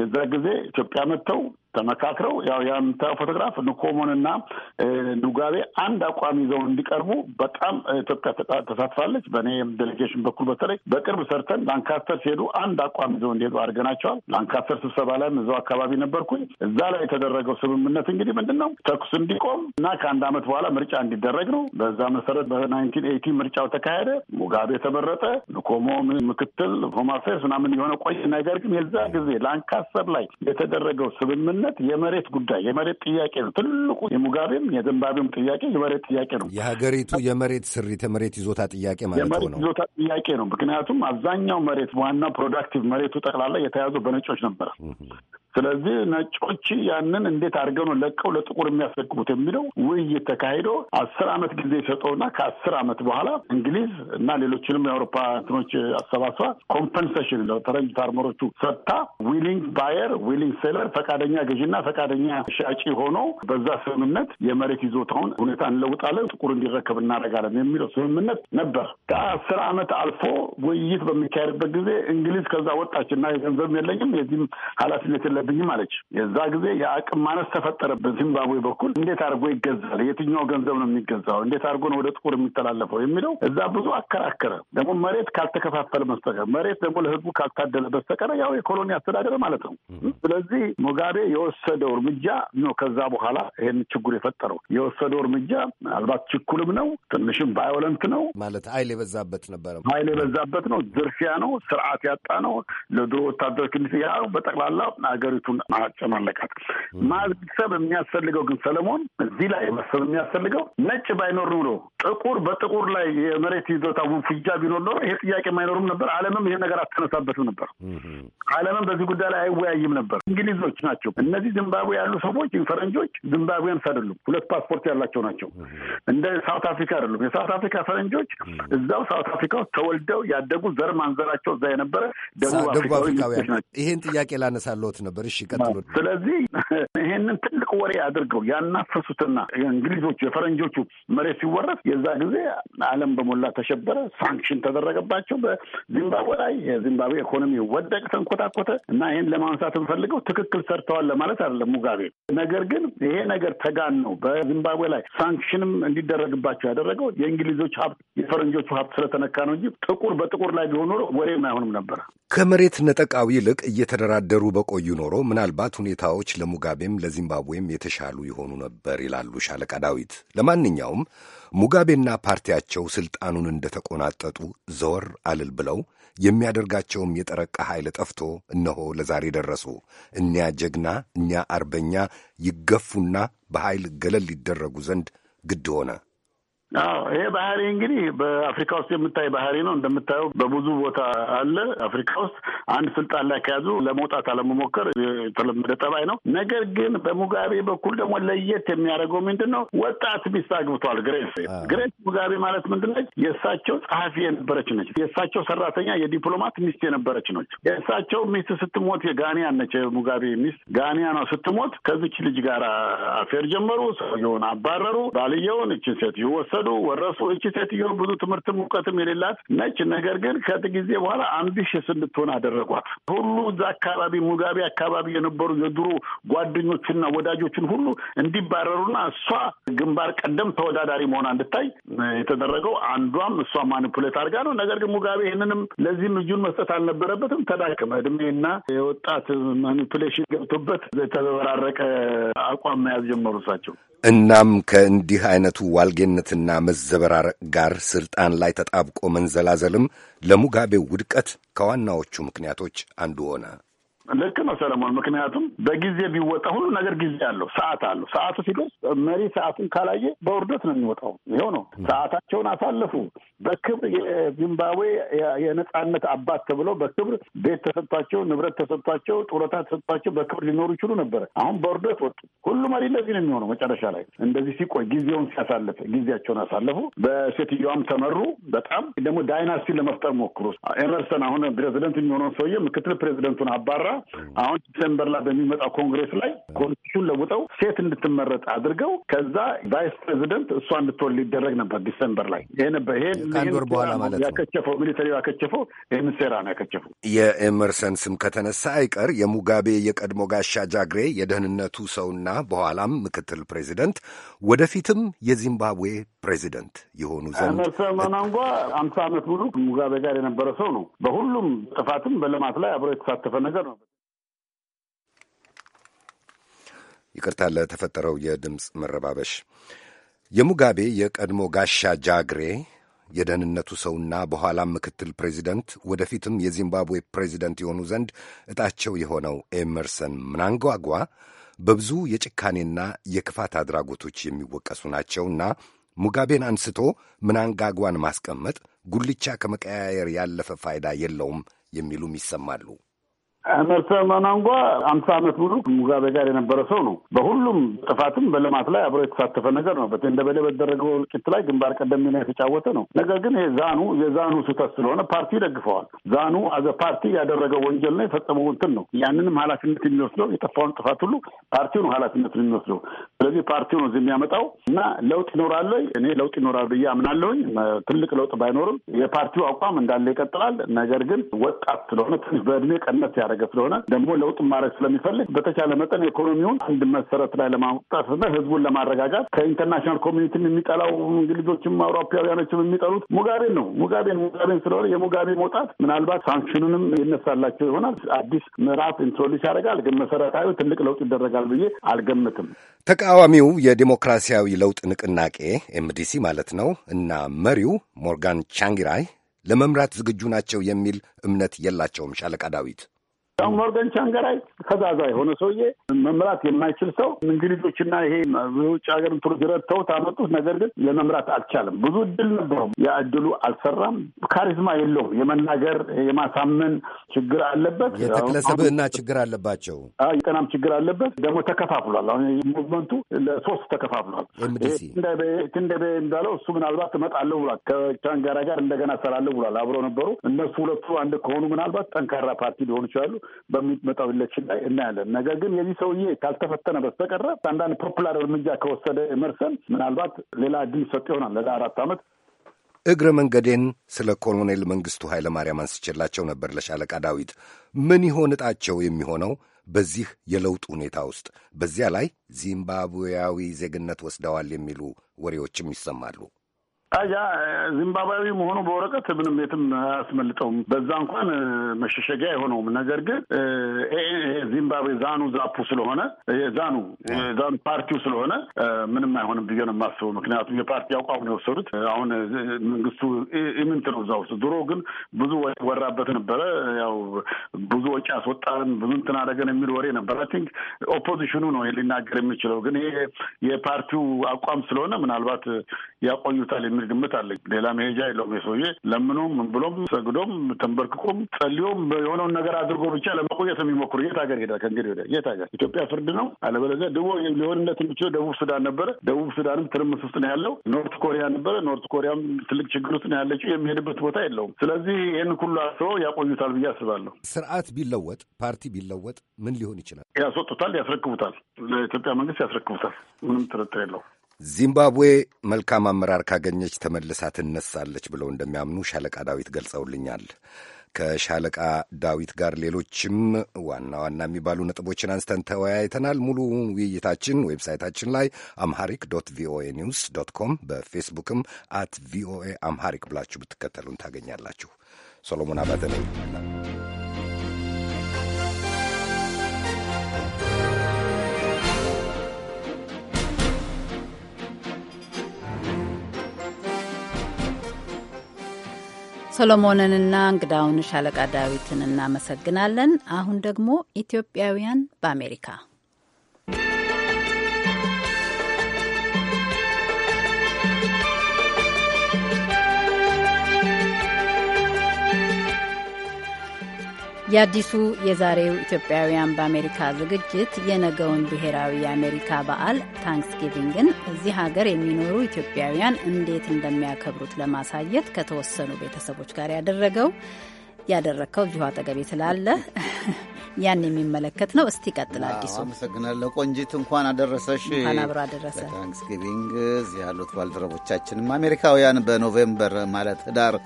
የዛ ጊዜ ኢትዮጵያ መጥተው ተመካክረው ያው የምታየው ፎቶግራፍ ንኮሞን እና ኑጋቤ አንድ አቋም ይዘው እንዲቀርቡ በጣም ኢትዮጵያ ተሳትፋለች። በእኔ ዴሌጌሽን በኩል በተለይ በቅርብ ሰርተን ላንካስተር ሲሄዱ አንድ አቋም ይዘው እንዲሄዱ አድርገናቸዋል። ላንካስተር ስብሰባ ላይም እዛው አካባቢ ነበርኩኝ። እዛ ላይ የተደረገው ስምምነት እንግዲህ ምንድን ነው ተኩስ እንዲቆም እና ከአንድ ዓመት በኋላ ምርጫ እንዲደረግ ነው። በዛ መሰረት በናይንቲን በሄይቲ ምርጫው ተካሄደ፣ ሙጋቤ ተመረጠ፣ ንኮሞ ምክትል ሆም አፌርስ ምናምን የሆነ ቆይ። ነገር ግን የዛ ጊዜ ላንካስተር ላይ የተደረገው ስምምነት የመሬት ጉዳይ የመሬት ጥያቄ ነው። ትልቁ የሙጋቤም የዘንባቤም ጥያቄ የመሬት ጥያቄ ነው። የሀገሪቱ የመሬት ስሪት የመሬት ይዞታ ጥያቄ ማለት ነው። የመሬት ይዞታ ጥያቄ ነው። ምክንያቱም አብዛኛው መሬት ዋና ፕሮዳክቲቭ መሬቱ ጠቅላላ የተያዘው በነጮች ነበረ። ስለዚህ ነጮች ያንን እንዴት አድርገው ነው ለቀው ለጥቁር የሚያስረክቡት የሚለው ውይይት ተካሂዶ አስር አመት ጊዜ ይሰጠውና ከአስር አመት በኋላ እንግሊዝ እና ሌሎችንም የአውሮፓ እንትኖች አሰባስባ ኮምፐንሴሽን ለፈረንጅ ፋርመሮቹ ሰጥታ ዊሊንግ ባየር ዊሊንግ ሴለር ፈቃደኛ ገዢና ፈቃደኛ ሻጪ ሆኖ በዛ ስምምነት የመሬት ይዞታውን ሁኔታ እንለውጣለን፣ ጥቁር እንዲረከብ እናደርጋለን የሚለው ስምምነት ነበር። ከአስር ዓመት አልፎ ውይይት በሚካሄድበት ጊዜ እንግሊዝ ከዛ ወጣች እና የገንዘብ የለኝም የዚህም ኃላፊነት የለብኝም አለች። የዛ ጊዜ የአቅም ማነስ ተፈጠረ በዚምባብዌ በኩል። እንዴት አድርጎ ይገዛል? የትኛው ገንዘብ ነው የሚገዛው? እንዴት አድርጎ ነው ወደ ጥቁር የሚተላለፍ ያለፈው የሚለው እዛ ብዙ አከራከረ። ደግሞ መሬት ካልተከፋፈለ በስተቀር መሬት ደግሞ ለህዝቡ ካልታደለ በስተቀር ያው የኮሎኒ አስተዳደር ማለት ነው። ስለዚህ ሞጋቤ የወሰደው እርምጃ ነው ከዛ በኋላ ይህን ችግር የፈጠረው የወሰደው እርምጃ ምናልባት ችኩልም ነው፣ ትንሽም ቫዮለንት ነው ማለት ኃይል የበዛበት ነበረ። ኃይል የበዛበት ነው፣ ዝርፊያ ነው፣ ስርዓት ያጣ ነው። ለድሮ ወታደሮች ክንስ ያ በጠቅላላ ሀገሪቱን ማጨማለቃት ማሰብ የሚያስፈልገው ግን ሰለሞን እዚህ ላይ ማሰብ የሚያስፈልገው ነጭ ባይኖር ኑሮ ጥቁር በጥቁር ጥቁር ላይ የመሬት ይዞታ ውንፍጃ ቢኖር ኖሮ ይሄ ጥያቄ አይኖርም ነበር። ዓለምም ይሄ ነገር አትነሳበትም ነበር። ዓለምም በዚህ ጉዳይ ላይ አይወያይም ነበር። እንግሊዞች ናቸው እነዚህ ዚምባብዌ ያሉ ሰዎች ፈረንጆች ዚምባብዌንስ አይደሉም። ሁለት ፓስፖርት ያላቸው ናቸው። እንደ ሳውት አፍሪካ አይደሉም። የሳውት አፍሪካ ፈረንጆች እዛው ሳውት አፍሪካ ውስጥ ተወልደው ያደጉ ዘር ማንዘራቸው እዛ የነበረ ደቡብ አፍሪካውያን ናቸው። ይሄን ጥያቄ ላነሳለሁት ነበር። እሺ ቀጥሉ። ስለዚህ ይሄንን ትልቅ ወሬ አድርገው ያናፈሱትና እንግሊዞቹ የፈረንጆቹ መሬት ሲወረስ የዛ ጊዜ ዓለም በሞላ ተሸበረ፣ ሳንክሽን ተደረገባቸው በዚምባብዌ ላይ የዚምባብዌ ኢኮኖሚ ወደቅ፣ ተንኮታኮተ እና ይህን ለማንሳት የምፈልገው ትክክል ሰርተዋል ለማለት አይደለም ሙጋቤ። ነገር ግን ይሄ ነገር ተጋን ነው በዚምባብዌ ላይ ሳንክሽንም እንዲደረግባቸው ያደረገው የእንግሊዞች ሀብት የፈረንጆቹ ሀብት ስለተነካ ነው እንጂ ጥቁር በጥቁር ላይ ቢሆን ኖሮ ወሬም አይሆንም ነበር። ከመሬት ነጠቃው ይልቅ እየተደራደሩ በቆዩ ኖሮ ምናልባት ሁኔታዎች ለሙጋቤም ለዚምባብዌም የተሻሉ የሆኑ ነበር ይላሉ ሻለቃ ዳዊት። ለማንኛውም ሙጋቤና ፓርቲያቸው ሥልጣኑን እንደ ተቆናጠጡ ዘወር አልል ብለው የሚያደርጋቸውም የጠረቃ ኃይል ጠፍቶ እነሆ ለዛሬ ደረሱ። እኒያ ጀግና እኛ አርበኛ ይገፉና በኃይል ገለል ሊደረጉ ዘንድ ግድ ሆነ። አዎ ይሄ ባህሪ እንግዲህ በአፍሪካ ውስጥ የምታይ ባህሪ ነው። እንደምታየው በብዙ ቦታ አለ። አፍሪካ ውስጥ አንድ ስልጣን ላይ ከያዙ ለመውጣት አለመሞከር የተለመደ ጠባይ ነው። ነገር ግን በሙጋቤ በኩል ደግሞ ለየት የሚያደርገው ምንድን ነው? ወጣት ሚስት አግብቷል። ግሬስ ግሬስ ሙጋቤ ማለት ምንድን ነች? የእሳቸው ጸሐፊ የነበረች ነች። የእሳቸው ሰራተኛ፣ የዲፕሎማት ሚስት የነበረች ነች። የእሳቸው ሚስት ስትሞት የጋኒያን ነች። የሙጋቤ ሚስት ጋኒያኗ ስትሞት ከዚች ልጅ ጋር አፌር ጀመሩ። ሰውየውን አባረሩ። ባልየውን እችን ሴት ይወሰ ወሰዱ፣ ወረሱ። እቺ ሴትዮ ብዙ ትምህርትም እውቀትም የሌላት ነች። ነገር ግን ከት ጊዜ በኋላ አምቢሽስ እንድትሆን አደረጓት። ሁሉ እዛ አካባቢ ሙጋቤ አካባቢ የነበሩ የድሮ ጓደኞችና ወዳጆችን ሁሉ እንዲባረሩና እሷ ግንባር ቀደም ተወዳዳሪ መሆኗ እንድታይ የተደረገው አንዷም እሷ ማኒፑሌት አድርጋ ነው። ነገር ግን ሙጋቤ ይህንንም ለዚህም እጁን መስጠት አልነበረበትም። ተዳከመ። እድሜና የወጣት ማኒፑሌሽን ገብቶበት የተበራረቀ አቋም መያዝ ጀመሩ እሳቸው። እናም ከእንዲህ አይነቱ ዋልጌነትና መዘበራረቅ ጋር ስልጣን ላይ ተጣብቆ መንዘላዘልም ለሙጋቤው ውድቀት ከዋናዎቹ ምክንያቶች አንዱ ሆነ። ልክ ነው ሰለሞን። ምክንያቱም በጊዜ ቢወጣ ሁሉ ነገር ጊዜ አለው፣ ሰዓት አለው። ሰዓቱ ሲደርስ መሪ ሰዓቱን ካላየ በውርደት ነው የሚወጣው። ይኸው ነው። ሰዓታቸውን አሳለፉ። በክብር የዚምባብዌ የነፃነት አባት ተብሎ በክብር ቤት ተሰጥቷቸው፣ ንብረት ተሰጥቷቸው፣ ጡረታ ተሰጥቷቸው በክብር ሊኖሩ ይችሉ ነበረ። አሁን በውርደት ወጡ። ሁሉ መሪ እንደዚህ ነው የሚሆነው። መጨረሻ ላይ እንደዚህ ሲቆይ ጊዜውን ሲያሳልፍ ጊዜያቸውን አሳለፉ። በሴትዮዋም ተመሩ። በጣም ደግሞ ዳይናስቲ ለመፍጠር ሞክሩ። ኤመርሰን አሁን ፕሬዚደንት የሚሆነውን ሰውዬ ምክትል ፕሬዚደንቱን አባራ አሁን ዲሴምበር ላይ በሚመጣው ኮንግሬስ ላይ ኮንስቲቱሽን ለውጠው ሴት እንድትመረጥ አድርገው ከዛ ቫይስ ፕሬዚደንት እሷ እንድትወልድ ሊደረግ ነበር ዲሴምበር ላይ ይሄ ነበር። ይሄ ከአንድ ወር በኋላ ማለት ነው ያከቸፈው ሚሊተሪ ያከቸፈው ይህን ሴራ ነው ያከቸፈው። የኤመርሰን ስም ከተነሳ አይቀር የሙጋቤ የቀድሞ ጋሻ ጃግሬ የደህንነቱ ሰውና በኋላም ምክትል ፕሬዚደንት ወደፊትም የዚምባብዌ ፕሬዚደንት የሆኑ ዘንድ ኤመርሰን ማናንጓ አምሳ ዓመት ሙሉ ሙጋቤ ጋር የነበረ ሰው ነው። በሁሉም ጥፋትም በልማት ላይ አብሮ የተሳተፈ ነገር ነው። ይቅርታ ለተፈጠረው የድምፅ መረባበሽ። የሙጋቤ የቀድሞ ጋሻ ጃግሬ የደህንነቱ ሰውና በኋላም ምክትል ፕሬዚደንት ወደፊትም የዚምባብዌ ፕሬዚደንት የሆኑ ዘንድ እጣቸው የሆነው ኤመርሰን ምናንጓጓ በብዙ የጭካኔና የክፋት አድራጎቶች የሚወቀሱ ናቸውና ሙጋቤን አንስቶ ምናንጋጓን ማስቀመጥ ጉልቻ ከመቀያየር ያለፈ ፋይዳ የለውም የሚሉም ይሰማሉ። መርሰ መናንጓ አምሳ ዓመት ሙሉ ሙጋቤ ጋር የነበረ ሰው ነው። በሁሉም ጥፋትም በልማት ላይ አብሮ የተሳተፈ ነገር ነው። በቴንደበሌ በተደረገው እልቂት ላይ ግንባር ቀደም ሚና የተጫወተ ነው። ነገር ግን ይሄ ዛኑ የዛኑ ስህተት ስለሆነ ፓርቲ ደግፈዋል ዛኑ አዘ ፓርቲ ያደረገው ወንጀል ነው የፈጸመው እንትን ነው። ያንንም ኃላፊነት የሚወስደው የጠፋውን ጥፋት ሁሉ ፓርቲው ነው ኃላፊነት የሚወስደው። ስለዚህ ፓርቲው ነው እዚህ የሚያመጣው እና ለውጥ ይኖራል። እኔ ለውጥ ይኖራል ብዬ አምናለሁኝ። ትልቅ ለውጥ ባይኖርም የፓርቲው አቋም እንዳለ ይቀጥላል። ነገር ግን ወጣት ስለሆነ ትንሽ በእድሜ ቀነት ያደረ እያደረገ ስለሆነ ደግሞ ለውጥ ማድረግ ስለሚፈልግ በተቻለ መጠን ኢኮኖሚውን አንድ መሰረት ላይ ለማውጣትና ህዝቡን ለማረጋጋት ከኢንተርናሽናል ኮሚኒቲም የሚጠላው እንግሊዞችም አውሮፓውያኖችም የሚጠሉት ሙጋቤን ነው። ሙጋቤን ሙጋቤን ስለሆነ የሙጋቤ መውጣት ምናልባት ሳንክሽኑንም ይነሳላቸው ይሆናል። አዲስ ምዕራፍ ኢንትሮዲስ ያደርጋል። ግን መሰረታዊ ትልቅ ለውጥ ይደረጋል ብዬ አልገምትም። ተቃዋሚው የዲሞክራሲያዊ ለውጥ ንቅናቄ ኤምዲሲ ማለት ነው እና መሪው ሞርጋን ቻንጊራይ ለመምራት ዝግጁ ናቸው የሚል እምነት የላቸውም። ሻለቃ ዳዊት አሁን ሞርገን ቻንገራይ ፈዛዛ የሆነ ሰውዬ መምራት የማይችል ሰው እንግሊዞችና ይሄ ውጭ ሀገር እንትኖች ረድተውት ነገር ግን ለመምራት አልቻለም። ብዙ እድል ነበረው፣ ያ እድሉ አልሰራም። ካሪዝማ የለውም። የመናገር የማሳመን ችግር አለበት። የተክለሰብህና ችግር አለባቸው። የጤናም ችግር አለበት። ደግሞ ተከፋፍሏል። አሁን ሙቭመንቱ ለሶስት ተከፋፍሏል። ትንደቤ እንዳለው እሱ ምናልባት እመጣለሁ ብሏል። ከቻንገራ ጋር እንደገና እሰራለሁ ብሏል። አብረው ነበሩ እነሱ ሁለቱ አንድ ከሆኑ ምናልባት ጠንካራ ፓርቲ ሊሆኑ ይችላሉ። በሚመጣውለችን ላይ እናያለን። ነገር ግን የዚህ ሰውዬ ካልተፈተነ በስተቀረ አንዳንድ ፖፑላር እርምጃ ከወሰደ ኤመርሰን ምናልባት ሌላ እድል ይሰጥ ይሆናል አራት ዓመት እግረ መንገዴን ስለ ኮሎኔል መንግሥቱ ኃይለ ማርያም አንስቼላቸው ነበር ለሻለቃ ዳዊት። ምን ይሆን እጣቸው የሚሆነው በዚህ የለውጥ ሁኔታ ውስጥ? በዚያ ላይ ዚምባብዌያዊ ዜግነት ወስደዋል የሚሉ ወሬዎችም ይሰማሉ። አያ ዚምባብዌዊ መሆኑ በወረቀት ምንም የትም አያስመልጠውም። በዛ እንኳን መሸሸጊያ የሆነውም ነገር ግን ዚምባብዌ ዛኑ ዛፑ ስለሆነ ዛኑ ዛኑ ፓርቲው ስለሆነ ምንም አይሆንም ብዬ ነው የማስበው። ምክንያቱም የፓርቲ አቋም ነው የወሰዱት። አሁን መንግስቱ ኢምንት ነው እዛ ውስጥ። ድሮ ግን ብዙ ወራበት ነበረ። ያው ብዙ ወጪ አስወጣን፣ ብዙ እንትን አደረገን የሚል ወሬ ነበር። አይ ቲንክ ኦፖዚሽኑ ነው ሊናገር የሚችለው። ግን ይሄ የፓርቲው አቋም ስለሆነ ምናልባት ያቆዩታል የሚል ግምት አለ። ሌላ መሄጃ የለውም። የሰውዬ ለምኖም ብሎም ሰግዶም ተንበርክቆም ጸልዮም የሆነውን ነገር አድርጎ ብቻ ለመቆየት የሚሞክሩ የት ሀገር ሄዳ ከእንግዲህ ወዲያ የት ሀገር ኢትዮጵያ ፍርድ ነው። አለበለዚያ ድቦ ሊሆንነት የሚችለው ደቡብ ሱዳን ነበረ። ደቡብ ሱዳንም ትርምስ ውስጥ ነው ያለው። ኖርት ኮሪያ ነበረ። ኖርት ኮሪያም ትልቅ ችግር ውስጥ ነው ያለችው። የሚሄድበት ቦታ የለውም። ስለዚህ ይህን ሁሉ አስበው ያቆዩታል ብዬ አስባለሁ። ስርዓት ቢለወጥ ፓርቲ ቢለወጥ ምን ሊሆን ይችላል? ያስወጡታል፣ ያስረክቡታል። ለኢትዮጵያ መንግስት ያስረክቡታል። ምንም ጥርጥር የለውም። ዚምባብዌ መልካም አመራር ካገኘች ተመልሳ ትነሳለች ብለው እንደሚያምኑ ሻለቃ ዳዊት ገልጸውልኛል። ከሻለቃ ዳዊት ጋር ሌሎችም ዋና ዋና የሚባሉ ነጥቦችን አንስተን ተወያይተናል። ሙሉ ውይይታችን ዌብሳይታችን ላይ አምሃሪክ ዶት ቪኦኤ ኒውስ ዶት ኮም፣ በፌስቡክም አት ቪኦኤ አምሃሪክ ብላችሁ ብትከተሉን ታገኛላችሁ። ሶሎሞን አባተ ነኝ። ሰሎሞንንና እንግዳውን ሻለቃ ዳዊትን እናመሰግናለን። አሁን ደግሞ ኢትዮጵያውያን በአሜሪካ የአዲሱ የዛሬው ኢትዮጵያውያን በአሜሪካ ዝግጅት የነገውን ብሔራዊ የአሜሪካ በዓል ታንክስጊቪንግን እዚህ ሀገር የሚኖሩ ኢትዮጵያውያን እንዴት እንደሚያከብሩት ለማሳየት ከተወሰኑ ቤተሰቦች ጋር ያደረገው ያደረግከው እዚሁ አጠገቤ ስላለ ያን የሚመለከት ነው። እስቲ ቀጥል አዲሱ። አመሰግናለሁ ቆንጂት፣ እንኳን አደረሰሽ። አብሮ አደረሰ ታንክስጊቪንግ። እዚህ ያሉት ባልደረቦቻችንም አሜሪካውያን በኖቬምበር ማለት ህዳር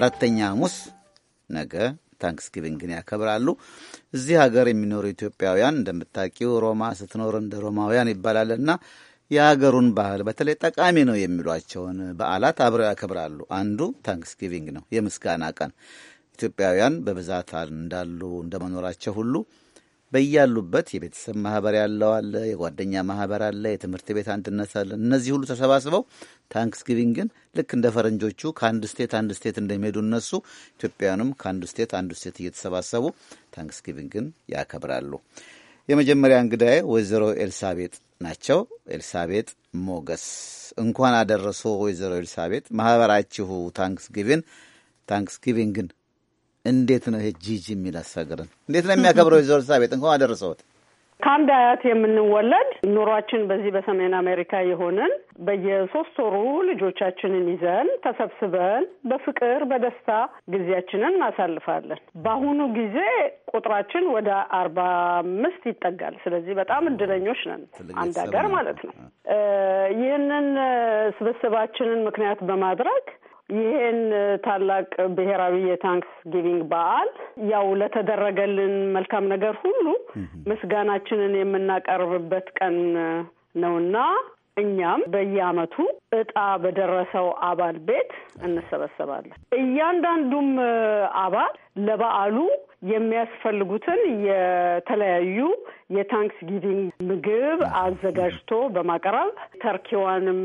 አራተኛ ሐሙስ ነገ ታንክስጊቪንግን ያከብራሉ። እዚህ ሀገር የሚኖሩ ኢትዮጵያውያን እንደምታውቂው ሮማ ስትኖር እንደ ሮማውያን ይባላልና የሀገሩን ባህል በተለይ ጠቃሚ ነው የሚሏቸውን በዓላት አብረው ያከብራሉ። አንዱ ታንክስጊቪንግ ነው፣ የምስጋና ቀን። ኢትዮጵያውያን በብዛት እንዳሉ እንደመኖራቸው ሁሉ በያሉበት የቤተሰብ ማህበር ያለው አለ፣ የጓደኛ ማህበር አለ፣ የትምህርት ቤት አንድነት አለ። እነዚህ ሁሉ ተሰባስበው ታንክስ ግን ልክ እንደ ፈረንጆቹ ከአንድ ስቴት አንድ ስቴት እንደሚሄዱ እነሱ ኢትዮጵያውያኑም ከአንዱ ስቴት አንዱ ስቴት እየተሰባሰቡ ታንክስ ግን ያከብራሉ። የመጀመሪያ እንግዳይ ወይዘሮ ኤልሳቤጥ ናቸው። ኤልሳቤጥ ሞገስ እንኳን አደረሶ። ወይዘሮ ኤልሳቤጥ ማህበራችሁ ታንክስ ጊቪንግ ታንክስ እንዴት ነው ይሄ ጂጂ የሚል አሳገርን እንዴት ነው የሚያከብረው? የዞር ሳ ቤት እንኳን አደረሰዎት። ከአንድ አያት የምንወለድ ኑሯችን በዚህ በሰሜን አሜሪካ የሆንን በየሶስት ወሩ ልጆቻችንን ይዘን ተሰብስበን በፍቅር በደስታ ጊዜያችንን እናሳልፋለን። በአሁኑ ጊዜ ቁጥራችን ወደ አርባ አምስት ይጠጋል። ስለዚህ በጣም እድለኞች ነን፣ አንድ ሀገር ማለት ነው። ይህንን ስብስባችንን ምክንያት በማድረግ ይህን ታላቅ ብሔራዊ የታንክስ ጊቪንግ በዓል ያው ለተደረገልን መልካም ነገር ሁሉ ምስጋናችንን የምናቀርብበት ቀን ነውና እኛም በየአመቱ እጣ በደረሰው አባል ቤት እንሰበሰባለን። እያንዳንዱም አባል ለበዓሉ የሚያስፈልጉትን የተለያዩ የታንክስ ጊቪንግ ምግብ አዘጋጅቶ በማቅረብ ተርኪዋንም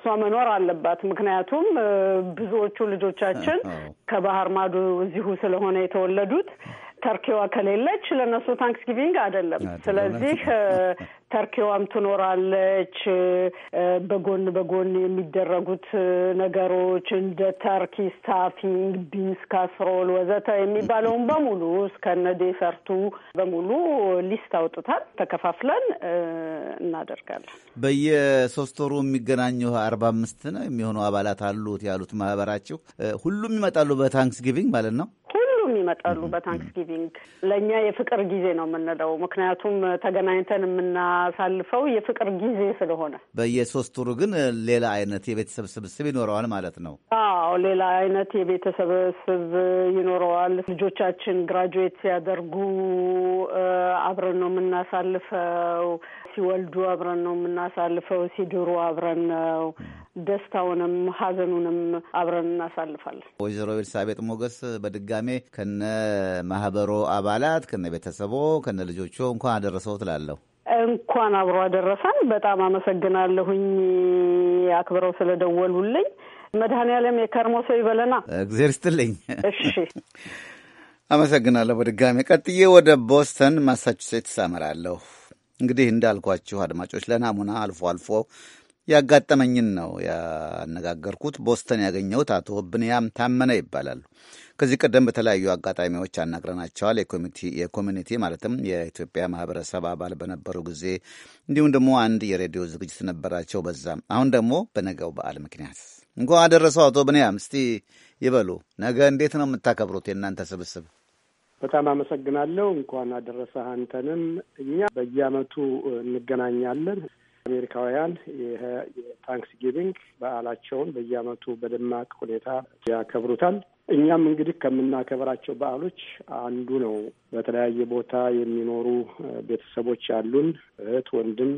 እሷ መኖር አለባት። ምክንያቱም ብዙዎቹ ልጆቻችን ከባህር ማዶ እዚሁ ስለሆነ የተወለዱት ተርኪዋ ከሌለች ለእነሱ ታንክስ ጊቪንግ አይደለም። ስለዚህ ተርኪዋም ትኖራለች። በጎን በጎን የሚደረጉት ነገሮች እንደ ተርኪ ስታፊንግ፣ ቢንስ፣ ካስሮል ወዘተ የሚባለውን በሙሉ እስከነ ዴሰርቱ በሙሉ ሊስት አውጥታል ተከፋፍለን እናደርጋለን። በየሶስት ወሩ የሚገናኘው አርባ አምስት ነው የሚሆኑ አባላት አሉት ያሉት ማህበራቸው ሁሉም ይመጣሉ በታንክስ ጊቪንግ ማለት ነው። ሁሉም ይመጣሉ። በታንክስጊቪንግ ለእኛ የፍቅር ጊዜ ነው የምንለው፣ ምክንያቱም ተገናኝተን የምናሳልፈው የፍቅር ጊዜ ስለሆነ። በየሶስት ወሩ ግን ሌላ አይነት የቤተሰብ ስብስብ ይኖረዋል ማለት ነው። አዎ ሌላ አይነት የቤተሰብ ስብስብ ይኖረዋል። ልጆቻችን ግራጁዌት ሲያደርጉ አብረን ነው የምናሳልፈው። ሲወልዱ አብረን ነው የምናሳልፈው። ሲድሩ አብረን ነው ደስታውንም ሀዘኑንም አብረን እናሳልፋለን። ወይዘሮ ኤልሳቤጥ ሞገስ በድጋሜ ከነ ማህበሮ አባላት ከነ ቤተሰቦ ከነ ልጆቹ እንኳን አደረሰው ትላለሁ። እንኳን አብሮ አደረሰን። በጣም አመሰግናለሁኝ አክብረው ስለደወሉልኝ። መድኃኔዓለም የከርሞ ሰው ይበለና። እግዜር ይስጥልኝ። እሺ አመሰግናለሁ። በድጋሜ ቀጥዬ ወደ ቦስተን ማሳቹሴትስ አመራለሁ። እንግዲህ እንዳልኳችሁ አድማጮች ለናሙና አልፎ አልፎ ያጋጠመኝን ነው ያነጋገርኩት። ቦስተን ያገኘሁት አቶ ብንያም ታመነ ይባላሉ። ከዚህ ቀደም በተለያዩ አጋጣሚዎች አናግረናቸዋል። የኮሚኒቲ ማለትም የኢትዮጵያ ማህበረሰብ አባል በነበሩ ጊዜ እንዲሁም ደግሞ አንድ የሬዲዮ ዝግጅት ነበራቸው። በዛም አሁን ደግሞ በነገው በዓል ምክንያት እንኳን አደረሰው አቶ ብንያም እስቲ ይበሉ። ነገ እንዴት ነው የምታከብሩት የእናንተ ስብስብ? በጣም አመሰግናለሁ። እንኳን አደረሰህ አንተንም። እኛ በየአመቱ እንገናኛለን። አሜሪካውያን የታንክስ ጊቪንግ በዓላቸውን በየዓመቱ በደማቅ ሁኔታ ያከብሩታል። እኛም እንግዲህ ከምናከብራቸው በዓሎች አንዱ ነው። በተለያየ ቦታ የሚኖሩ ቤተሰቦች ያሉን እህት ወንድም፣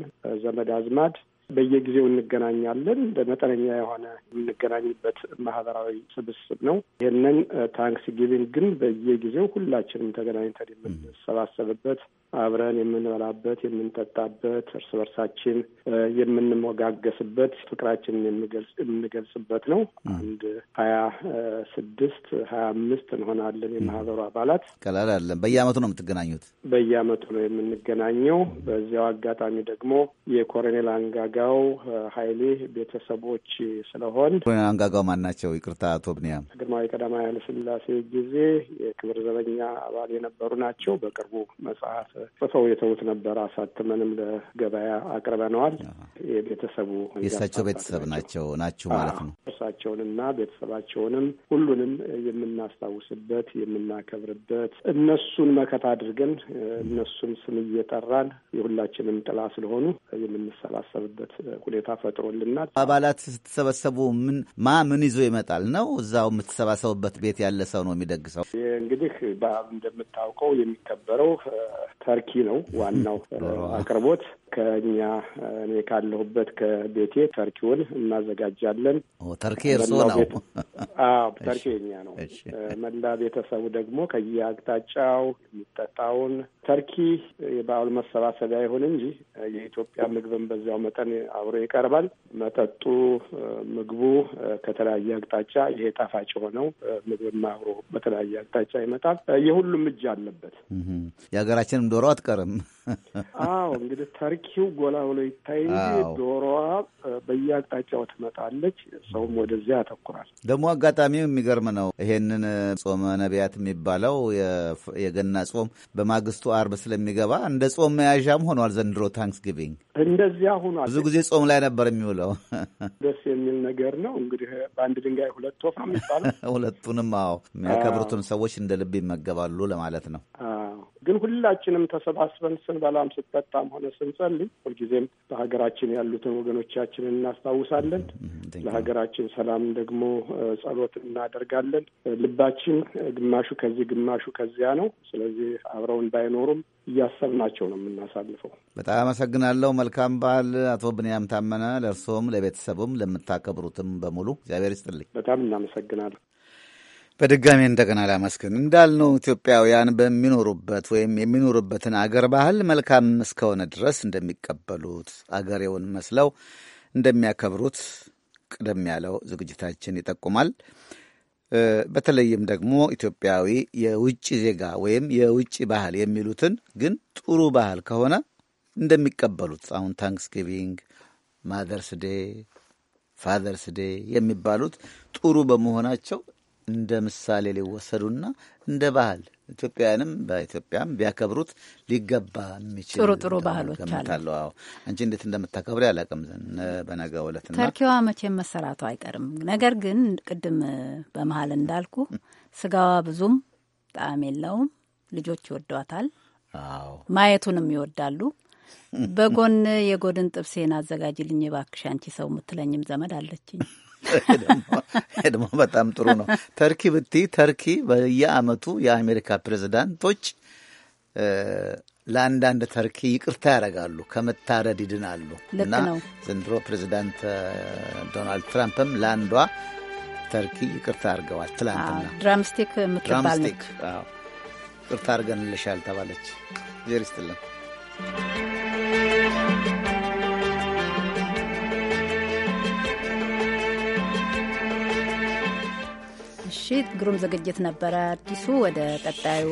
ዘመድ አዝማድ በየጊዜው እንገናኛለን። በመጠነኛ የሆነ የምንገናኝበት ማህበራዊ ስብስብ ነው። ይህንን ታንክስ ጊቪንግ ግን በየጊዜው ሁላችንም ተገናኝተን የምንሰባሰብበት አብረን የምንበላበት፣ የምንጠጣበት፣ እርስ በርሳችን የምንሞጋገስበት፣ ፍቅራችንን የምንገልጽበት ነው። አንድ ሀያ ስድስት ሀያ አምስት እንሆናለን የማህበሩ አባላት። ቀላል አለን። በየአመቱ ነው የምትገናኙት? በየአመቱ ነው የምንገናኘው። በዚያው አጋጣሚ ደግሞ የኮሎኔል አንጋጋው ኃይሌ ቤተሰቦች ስለሆን ኮሎኔል አንጋጋው ማን ናቸው? ይቅርታ አቶ ብንያም ግርማዊ ቀዳማዊ ኃይለሥላሴ ጊዜ የክብር ዘበኛ አባል የነበሩ ናቸው። በቅርቡ መጽሐፍ ጽፈው የተዉት ነበር። አሳትመንም ለገበያ አቅርበነዋል። የቤተሰቡ የእሳቸው ቤተሰብ ናቸው ናችሁ ማለት ነው። እርሳቸውንና ቤተሰባቸውንም ሁሉንም የምናስታውስበት የምናከብርበት እነሱን መከታ አድርገን እነሱን ስም እየጠራን የሁላችንም ጥላ ስለሆኑ የምንሰባሰብበት ሁኔታ ፈጥሮልናል። አባላት ስትሰበሰቡ ምን ማ ምን ይዞ ይመጣል ነው? እዛው የምትሰባሰቡበት ቤት ያለ ሰው ነው የሚደግሰው። እንግዲህ እንደምታውቀው የሚከበረው ተርኪ ነው ዋናው አቅርቦት። ከኛ እኔ ካለሁበት ከቤቴ ተርኪውን እናዘጋጃለን። ተርኪ እርሶ ነው? አዎ ተርኪ የኛ ነው። መላ ቤተሰቡ ደግሞ ከየአቅጣጫው የሚጠጣውን ተርኪ የበዓሉ መሰባሰቢያ ይሁን እንጂ የኢትዮጵያ ምግብን በዚያው መጠን አብሮ ይቀርባል። መጠጡ፣ ምግቡ ከተለያየ አቅጣጫ ይሄ ጣፋጭ የሆነው ምግብና አብሮ በተለያየ አቅጣጫ ይመጣል። የሁሉም እጅ አለበት። የሀገራችን ዶሮ አትቀርም። አዎ እንግዲህ ተርኪው ጎላ ብሎ ይታይ እንጂ ዶሮዋ በየአቅጣጫው ትመጣለች። ሰውም ወደዚያ ያተኩራል። ደግሞ አጋጣሚው የሚገርም ነው። ይሄንን ጾመ ነቢያት የሚባለው የገና ጾም በማግስቱ አርብ ስለሚገባ እንደ ጾም መያዣም ሆኗል። ዘንድሮ ታንክስ ጊቪንግ እንደዚያ ሆኗል። ብዙ ጊዜ ጾም ላይ ነበር የሚውለው። ደስ የሚል ነገር ነው። እንግዲህ በአንድ ድንጋይ ሁለት ወፍ ነው የሚባለው። ሁለቱንም አዎ የሚያከብሩትን ሰዎች እንደ ልብ ይመገባሉ ለማለት ነው። ግን ሁላችንም ሁላችንም ተሰባስበን ስንበላም ስንጠጣም ሆነ ስንጸልይ ሁልጊዜም በሀገራችን ያሉትን ወገኖቻችንን እናስታውሳለን። ለሀገራችን ሰላም ደግሞ ጸሎት እናደርጋለን። ልባችን ግማሹ ከዚህ ግማሹ ከዚያ ነው። ስለዚህ አብረውን ባይኖሩም እያሰብናቸው ነው የምናሳልፈው። በጣም አመሰግናለሁ። መልካም በዓል አቶ ብንያም ታመነ። ለእርስዎም፣ ለቤተሰቡም፣ ለምታከብሩትም በሙሉ እግዚአብሔር ይስጥልኝ። በጣም እናመሰግናለሁ። በድጋሚ እንደገና ላመስግን እንዳልነው ኢትዮጵያውያን በሚኖሩበት ወይም የሚኖሩበትን አገር ባህል መልካም እስከሆነ ድረስ እንደሚቀበሉት አገሬውን መስለው እንደሚያከብሩት ቅደም ያለው ዝግጅታችን ይጠቁማል። በተለይም ደግሞ ኢትዮጵያዊ የውጭ ዜጋ ወይም የውጭ ባህል የሚሉትን ግን ጥሩ ባህል ከሆነ እንደሚቀበሉት አሁን ታንክስጊቪንግ፣ ማዘርስ ዴ፣ ፋዘርስ ዴ የሚባሉት ጥሩ በመሆናቸው እንደ ምሳሌ ሊወሰዱና እንደ ባህል ኢትዮጵያውያንም በኢትዮጵያም ቢያከብሩት ሊገባ የሚችል ጥሩ ጥሩ ባህሎች አሉ። አዎ አንቺ እንዴት እንደምታከብሪ አላውቅም። በነገ ዕለት ተርኪዋ መቼም መሰራቱ አይቀርም። ነገር ግን ቅድም በመሀል እንዳልኩ ስጋዋ ብዙም ጣዕም የለውም። ልጆች ይወዷታል፣ ማየቱንም ይወዳሉ። በጎን የጎድን ጥብሴን አዘጋጅልኝ እባክሽ አንቺ ሰው የምትለኝም ዘመድ አለችኝ። ደግሞ በጣም ጥሩ ነው። ተርኪ ብቲ ተርኪ በየአመቱ የአሜሪካ ፕሬዚዳንቶች ለአንዳንድ ተርኪ ይቅርታ ያደርጋሉ፣ ከመታረድ ይድናሉ እና ዘንድሮ ፕሬዚዳንት ዶናልድ ትራምፕም ለአንዷ ተርኪ ይቅርታ አድርገዋል። ትላንትና ድራምስቲክ የምትባል ይቅርታ አድርገንልሻል ተባለች። ዜር ይስጥልን። ምሽት ግሩም ዝግጅት ነበረ። አዲሱ ወደ ቀጣዩ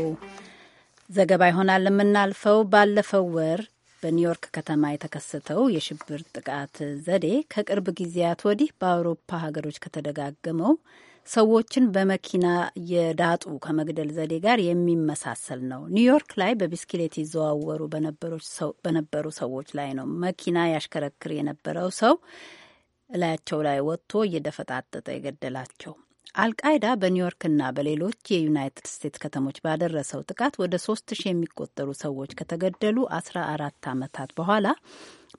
ዘገባ ይሆናል የምናልፈው። ባለፈው ወር በኒውዮርክ ከተማ የተከሰተው የሽብር ጥቃት ዘዴ ከቅርብ ጊዜያት ወዲህ በአውሮፓ ሀገሮች ከተደጋገመው ሰዎችን በመኪና የዳጡ ከመግደል ዘዴ ጋር የሚመሳሰል ነው። ኒውዮርክ ላይ በብስክሌት ይዘዋወሩ በነበሩ ሰዎች ላይ ነው መኪና ያሽከረክር የነበረው ሰው እላያቸው ላይ ወጥቶ እየደፈጣጠጠ የገደላቸው። አልቃይዳ በኒውዮርክና በሌሎች የዩናይትድ ስቴትስ ከተሞች ባደረሰው ጥቃት ወደ ሶስት ሺህ የሚቆጠሩ ሰዎች ከተገደሉ አስራ አራት ዓመታት በኋላ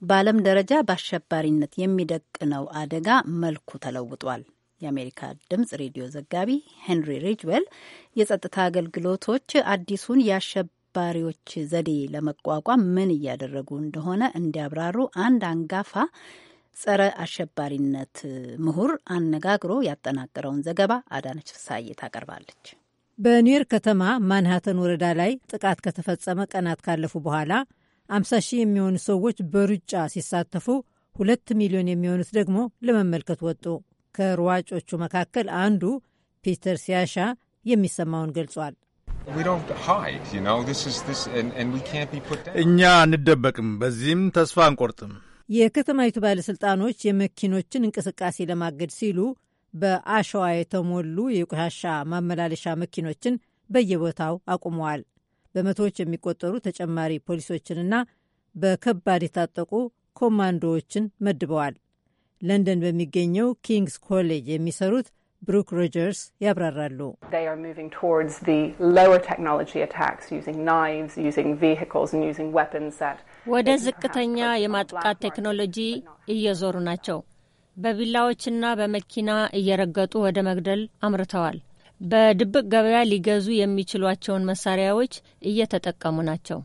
በዓለም ደረጃ በአሸባሪነት የሚደቅነው አደጋ መልኩ ተለውጧል። የአሜሪካ ድምጽ ሬዲዮ ዘጋቢ ሄንሪ ሪጅዌል የጸጥታ አገልግሎቶች አዲሱን የአሸባሪዎች ዘዴ ለመቋቋም ምን እያደረጉ እንደሆነ እንዲያብራሩ አንድ አንጋፋ ጸረ አሸባሪነት ምሁር አነጋግሮ ያጠናቀረውን ዘገባ አዳነች ፍሳዬ ታቀርባለች። በኒውዮርክ ከተማ ማንሃተን ወረዳ ላይ ጥቃት ከተፈጸመ ቀናት ካለፉ በኋላ 50 ሺህ የሚሆኑ ሰዎች በሩጫ ሲሳተፉ ሁለት ሚሊዮን የሚሆኑት ደግሞ ለመመልከት ወጡ። ከሯጮቹ መካከል አንዱ ፒተር ሲያሻ የሚሰማውን ገልጿል። እኛ አንደበቅም፣ በዚህም ተስፋ አንቆርጥም። የከተማይቱ ባለሥልጣኖች የመኪኖችን እንቅስቃሴ ለማገድ ሲሉ በአሸዋ የተሞሉ የቆሻሻ ማመላለሻ መኪኖችን በየቦታው አቁመዋል። በመቶዎች የሚቆጠሩ ተጨማሪ ፖሊሶችንና በከባድ የታጠቁ ኮማንዶዎችን መድበዋል። ለንደን በሚገኘው ኪንግስ ኮሌጅ የሚሰሩት ብሩክ ሮጀርስ ያብራራሉ። ወደ ዝቅተኛ የማጥቃት ቴክኖሎጂ እየዞሩ ናቸው። በቢላዎችና በመኪና እየረገጡ ወደ መግደል አምርተዋል። በድብቅ ገበያ ሊገዙ የሚችሏቸውን መሳሪያዎች እየተጠቀሙ ናቸው።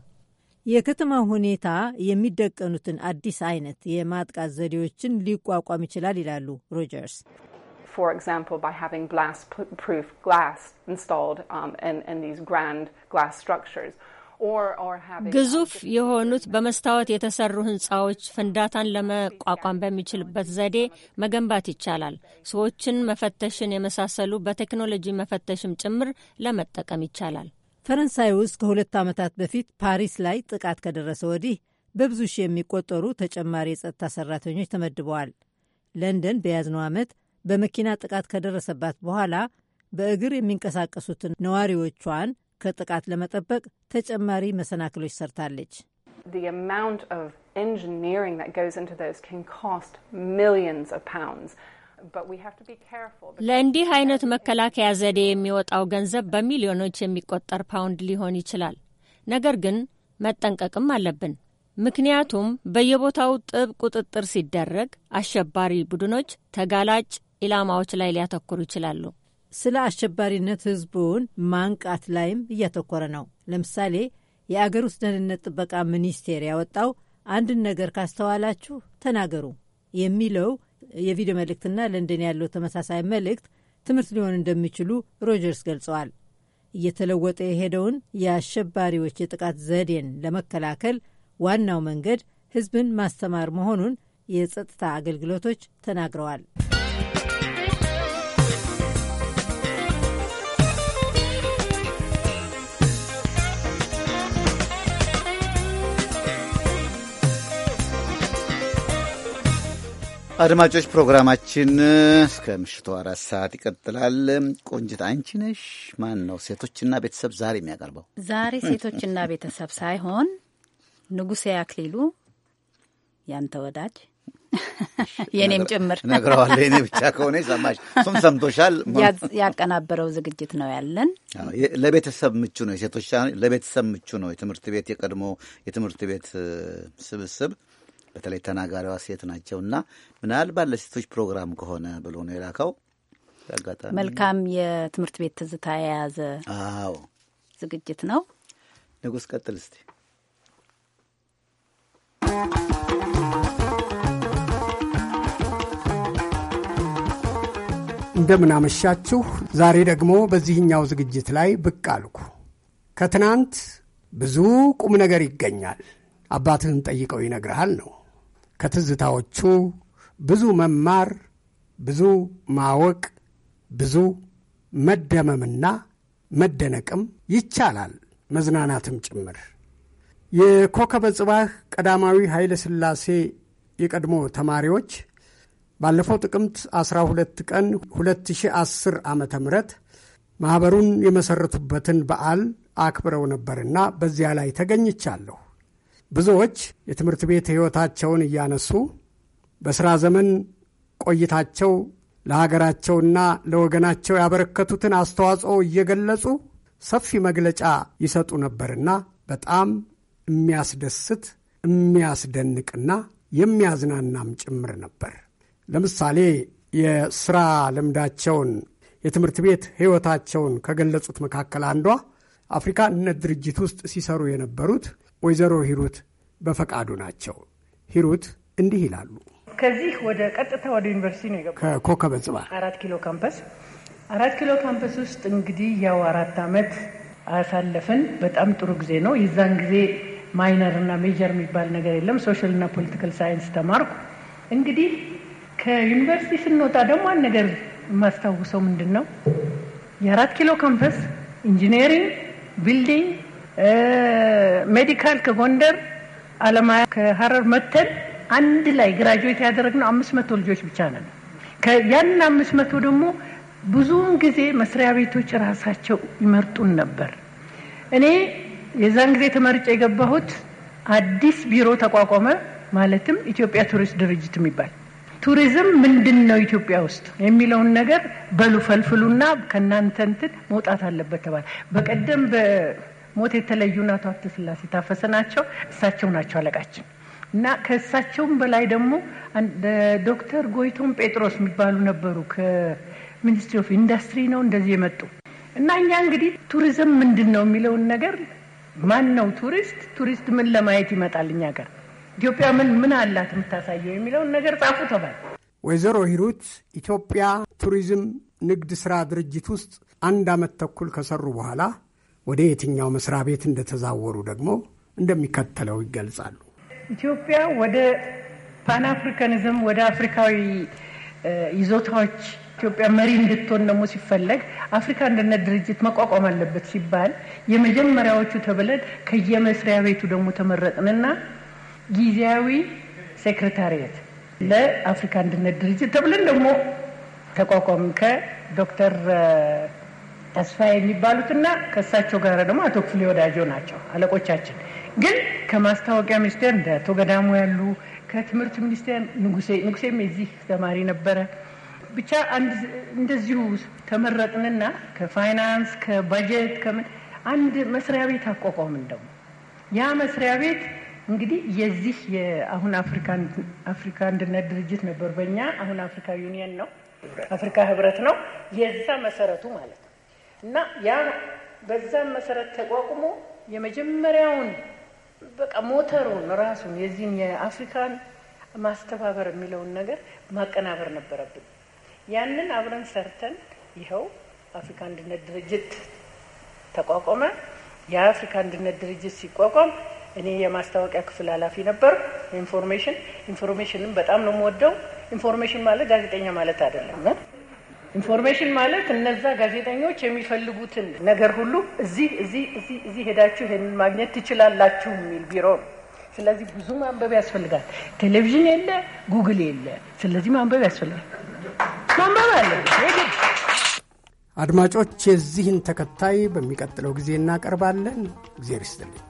የከተማው ሁኔታ የሚደቀኑትን አዲስ አይነት የማጥቃት ዘዴዎችን ሊቋቋም ይችላል ይላሉ ሮጀርስ። ግዙፍ የሆኑት በመስታወት የተሰሩ ህንፃዎች ፍንዳታን ለመቋቋም በሚችልበት ዘዴ መገንባት ይቻላል። ሰዎችን መፈተሽን የመሳሰሉ በቴክኖሎጂ መፈተሽም ጭምር ለመጠቀም ይቻላል። ፈረንሳይ ውስጥ ከሁለት ዓመታት በፊት ፓሪስ ላይ ጥቃት ከደረሰ ወዲህ በብዙ ሺህ የሚቆጠሩ ተጨማሪ የጸጥታ ሰራተኞች ተመድበዋል። ለንደን በያዝነው ዓመት በመኪና ጥቃት ከደረሰባት በኋላ በእግር የሚንቀሳቀሱትን ነዋሪዎቿን ከጥቃት ለመጠበቅ ተጨማሪ መሰናክሎች ሰርታለች። ለእንዲህ አይነት መከላከያ ዘዴ የሚወጣው ገንዘብ በሚሊዮኖች የሚቆጠር ፓውንድ ሊሆን ይችላል። ነገር ግን መጠንቀቅም አለብን። ምክንያቱም በየቦታው ጥብቅ ቁጥጥር ሲደረግ አሸባሪ ቡድኖች ተጋላጭ ኢላማዎች ላይ ሊያተኩሩ ይችላሉ። ስለ አሸባሪነት ህዝቡን ማንቃት ላይም እያተኮረ ነው። ለምሳሌ የአገር ውስጥ ደህንነት ጥበቃ ሚኒስቴር ያወጣው አንድን ነገር ካስተዋላችሁ ተናገሩ የሚለው የቪዲዮ መልእክትና ለንደን ያለው ተመሳሳይ መልእክት ትምህርት ሊሆን እንደሚችሉ ሮጀርስ ገልጸዋል። እየተለወጠ የሄደውን የአሸባሪዎች የጥቃት ዘዴን ለመከላከል ዋናው መንገድ ህዝብን ማስተማር መሆኑን የጸጥታ አገልግሎቶች ተናግረዋል። አድማጮች ፕሮግራማችን እስከ ምሽቱ አራት ሰዓት ይቀጥላል። ቆንጅት አንቺ ነሽ ማን ነው ሴቶችና ቤተሰብ ዛሬ የሚያቀርበው? ዛሬ ሴቶችና ቤተሰብ ሳይሆን ንጉሴ አክሊሉ ያንተ ወዳጅ የእኔም ጭምር እነግረዋለሁ። የእኔ ብቻ ከሆነ ሰማሽ፣ እሱም ሰምቶሻል። ያቀናበረው ዝግጅት ነው ያለን። ለቤተሰብ ምቹ ነው፣ ሴቶች ለቤተሰብ ምቹ ነው። የትምህርት ቤት የቀድሞ የትምህርት ቤት ስብስብ በተለይ ተናጋሪዋ ሴት ናቸው እና ምናልባት ለሴቶች ፕሮግራም ከሆነ ብሎ ነው የላከው። መልካም የትምህርት ቤት ትዝታ የያዘ አዎ ዝግጅት ነው። ንጉስ ቀጥል እስቲ። እንደምናመሻችሁ። ዛሬ ደግሞ በዚህኛው ዝግጅት ላይ ብቅ አልኩ። ከትናንት ብዙ ቁም ነገር ይገኛል። አባትህን ጠይቀው ይነግርሃል ነው። ከትዝታዎቹ ብዙ መማር፣ ብዙ ማወቅ፣ ብዙ መደመምና መደነቅም ይቻላል፣ መዝናናትም ጭምር። የኮከበ ጽባህ ቀዳማዊ ኃይለ ሥላሴ የቀድሞ ተማሪዎች ባለፈው ጥቅምት 12 ቀን 2010 ዓ ም ማኅበሩን የመሠረቱበትን በዓል አክብረው ነበርና በዚያ ላይ ተገኝቻለሁ። ብዙዎች የትምህርት ቤት ሕይወታቸውን እያነሱ በሥራ ዘመን ቆይታቸው ለሀገራቸውና ለወገናቸው ያበረከቱትን አስተዋጽኦ እየገለጹ ሰፊ መግለጫ ይሰጡ ነበርና በጣም የሚያስደስት የሚያስደንቅና የሚያዝናናም ጭምር ነበር። ለምሳሌ የሥራ ልምዳቸውን የትምህርት ቤት ሕይወታቸውን ከገለጹት መካከል አንዷ አፍሪካ እነት ድርጅት ውስጥ ሲሰሩ የነበሩት ወይዘሮ ሂሩት በፈቃዱ ናቸው። ሂሩት እንዲህ ይላሉ። ከዚህ ወደ ቀጥታ ወደ ዩኒቨርሲቲ ነው የገባሁት ከኮከበ ጽባ አራት ኪሎ ካምፐስ። አራት ኪሎ ካምፐስ ውስጥ እንግዲህ ያው አራት አመት አሳለፍን። በጣም ጥሩ ጊዜ ነው። የዛን ጊዜ ማይነር እና ሜጀር የሚባል ነገር የለም። ሶሻል እና ፖለቲካል ሳይንስ ተማርኩ። እንግዲህ ከዩኒቨርሲቲ ስንወጣ ደግሞ አንድ ነገር የማስታውሰው ምንድን ነው የአራት ኪሎ ካምፐስ ኢንጂነሪንግ፣ ቢልዲንግ ሜዲካል ከጎንደር አለማያ ከሀረር መተን አንድ ላይ ግራጁዌት ያደረግነው አምስት መቶ ልጆች ብቻ ነን። ያን አምስት መቶ ደግሞ ብዙውን ጊዜ መስሪያ ቤቶች ራሳቸው ይመርጡን ነበር። እኔ የዛን ጊዜ ተመርጬ የገባሁት አዲስ ቢሮ ተቋቋመ። ማለትም ኢትዮጵያ ቱሪስት ድርጅት የሚባል ቱሪዝም ምንድን ነው ኢትዮጵያ ውስጥ የሚለውን ነገር በሉ ፈልፍሉና ከእናንተ እንትን መውጣት አለበት ተባለ። በቀደም ሞት የተለዩና አቶ ስላሴ ታፈሰ ናቸው። እሳቸው ናቸው አለቃችን እና ከእሳቸውም በላይ ደግሞ ዶክተር ጎይቶም ጴጥሮስ የሚባሉ ነበሩ። ከሚኒስትሪ ኦፍ ኢንዱስትሪ ነው እንደዚህ የመጡ እና እኛ እንግዲህ ቱሪዝም ምንድን ነው የሚለውን ነገር ማን ነው ቱሪስት፣ ቱሪስት ምን ለማየት ይመጣል እኛ ጋር ኢትዮጵያ ምን ምን አላት የምታሳየው የሚለውን ነገር ጻፉ ተባል። ወይዘሮ ሂሩት ኢትዮጵያ ቱሪዝም ንግድ ስራ ድርጅት ውስጥ አንድ አመት ተኩል ከሰሩ በኋላ ወደ የትኛው መስሪያ ቤት እንደተዛወሩ ደግሞ እንደሚከተለው ይገልጻሉ። ኢትዮጵያ ወደ ፓን አፍሪካኒዝም ወደ አፍሪካዊ ይዞታዎች ኢትዮጵያ መሪ እንድትሆን ደግሞ ሲፈለግ አፍሪካ አንድነት ድርጅት መቋቋም አለበት ሲባል የመጀመሪያዎቹ ተብለን ከየመስሪያ ቤቱ ደግሞ ተመረጥንና ጊዜያዊ ሴክሬታሪየት ለአፍሪካ አንድነት ድርጅት ተብለን ደግሞ ተቋቋም ከዶክተር ተስፋ የሚባሉትና ከእሳቸው ጋር ደግሞ አቶ ክፍሌ ወዳጆ ናቸው አለቆቻችን። ግን ከማስታወቂያ ሚኒስቴር እንደ አቶ ገዳሙ ያሉ ከትምህርት ሚኒስቴር ንጉሴ ንጉሴም የዚህ ተማሪ ነበረ። ብቻ እንደዚሁ ተመረጥንና ከፋይናንስ ከባጀት ከምን አንድ መስሪያ ቤት አቋቋምን። ደግሞ ያ መስሪያ ቤት እንግዲህ የዚህ የአሁን አፍሪካ አንድነት ድርጅት ነበር በእኛ አሁን አፍሪካ ዩኒየን ነው አፍሪካ ህብረት ነው የዛ መሰረቱ ማለት ነው። እና ያ በዛም መሰረት ተቋቁሞ የመጀመሪያውን በቃ ሞተሩን ራሱን የዚህን የአፍሪካን ማስተባበር የሚለውን ነገር ማቀናበር ነበረብን። ያንን አብረን ሰርተን ይኸው አፍሪካ አንድነት ድርጅት ተቋቋመ። የአፍሪካ አንድነት ድርጅት ሲቋቋም እኔ የማስታወቂያ ክፍል ኃላፊ ነበር። ኢንፎርሜሽን ኢንፎርሜሽንም በጣም ነው የምወደው። ኢንፎርሜሽን ማለት ጋዜጠኛ ማለት አይደለም። ኢንፎርሜሽን ማለት እነዛ ጋዜጠኞች የሚፈልጉትን ነገር ሁሉ እዚህ እዚህ እዚህ እዚህ ሄዳችሁ ይህንን ማግኘት ትችላላችሁ የሚል ቢሮ ነው። ስለዚህ ብዙ ማንበብ ያስፈልጋል። ቴሌቪዥን የለ፣ ጉግል የለ። ስለዚህ ማንበብ ያስፈልጋል። ማንበብ አለ። አድማጮች፣ የዚህን ተከታይ በሚቀጥለው ጊዜ እናቀርባለን። እግዜር ይስጥልኝ።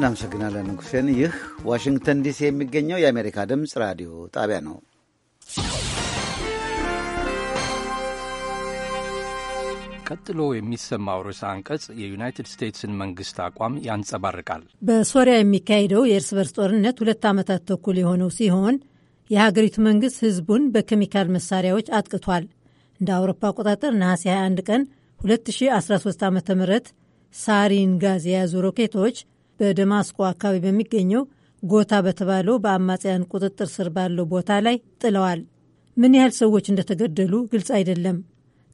እናመሰግናለን ንጉሴን። ይህ ዋሽንግተን ዲሲ የሚገኘው የአሜሪካ ድምፅ ራዲዮ ጣቢያ ነው። ቀጥሎ የሚሰማው ርዕሰ አንቀጽ የዩናይትድ ስቴትስን መንግስት አቋም ያንጸባርቃል። በሶሪያ የሚካሄደው የእርስ በርስ ጦርነት ሁለት ዓመታት ተኩል የሆነው ሲሆን የሀገሪቱ መንግስት ህዝቡን በኬሚካል መሳሪያዎች አጥቅቷል። እንደ አውሮፓ አቆጣጠር ነሐሴ 21 ቀን 2013 ዓ ም ሳሪን ጋዝ የያዙ ሮኬቶች በደማስቆ አካባቢ በሚገኘው ጎታ በተባለው በአማጽያን ቁጥጥር ስር ባለው ቦታ ላይ ጥለዋል። ምን ያህል ሰዎች እንደተገደሉ ግልጽ አይደለም።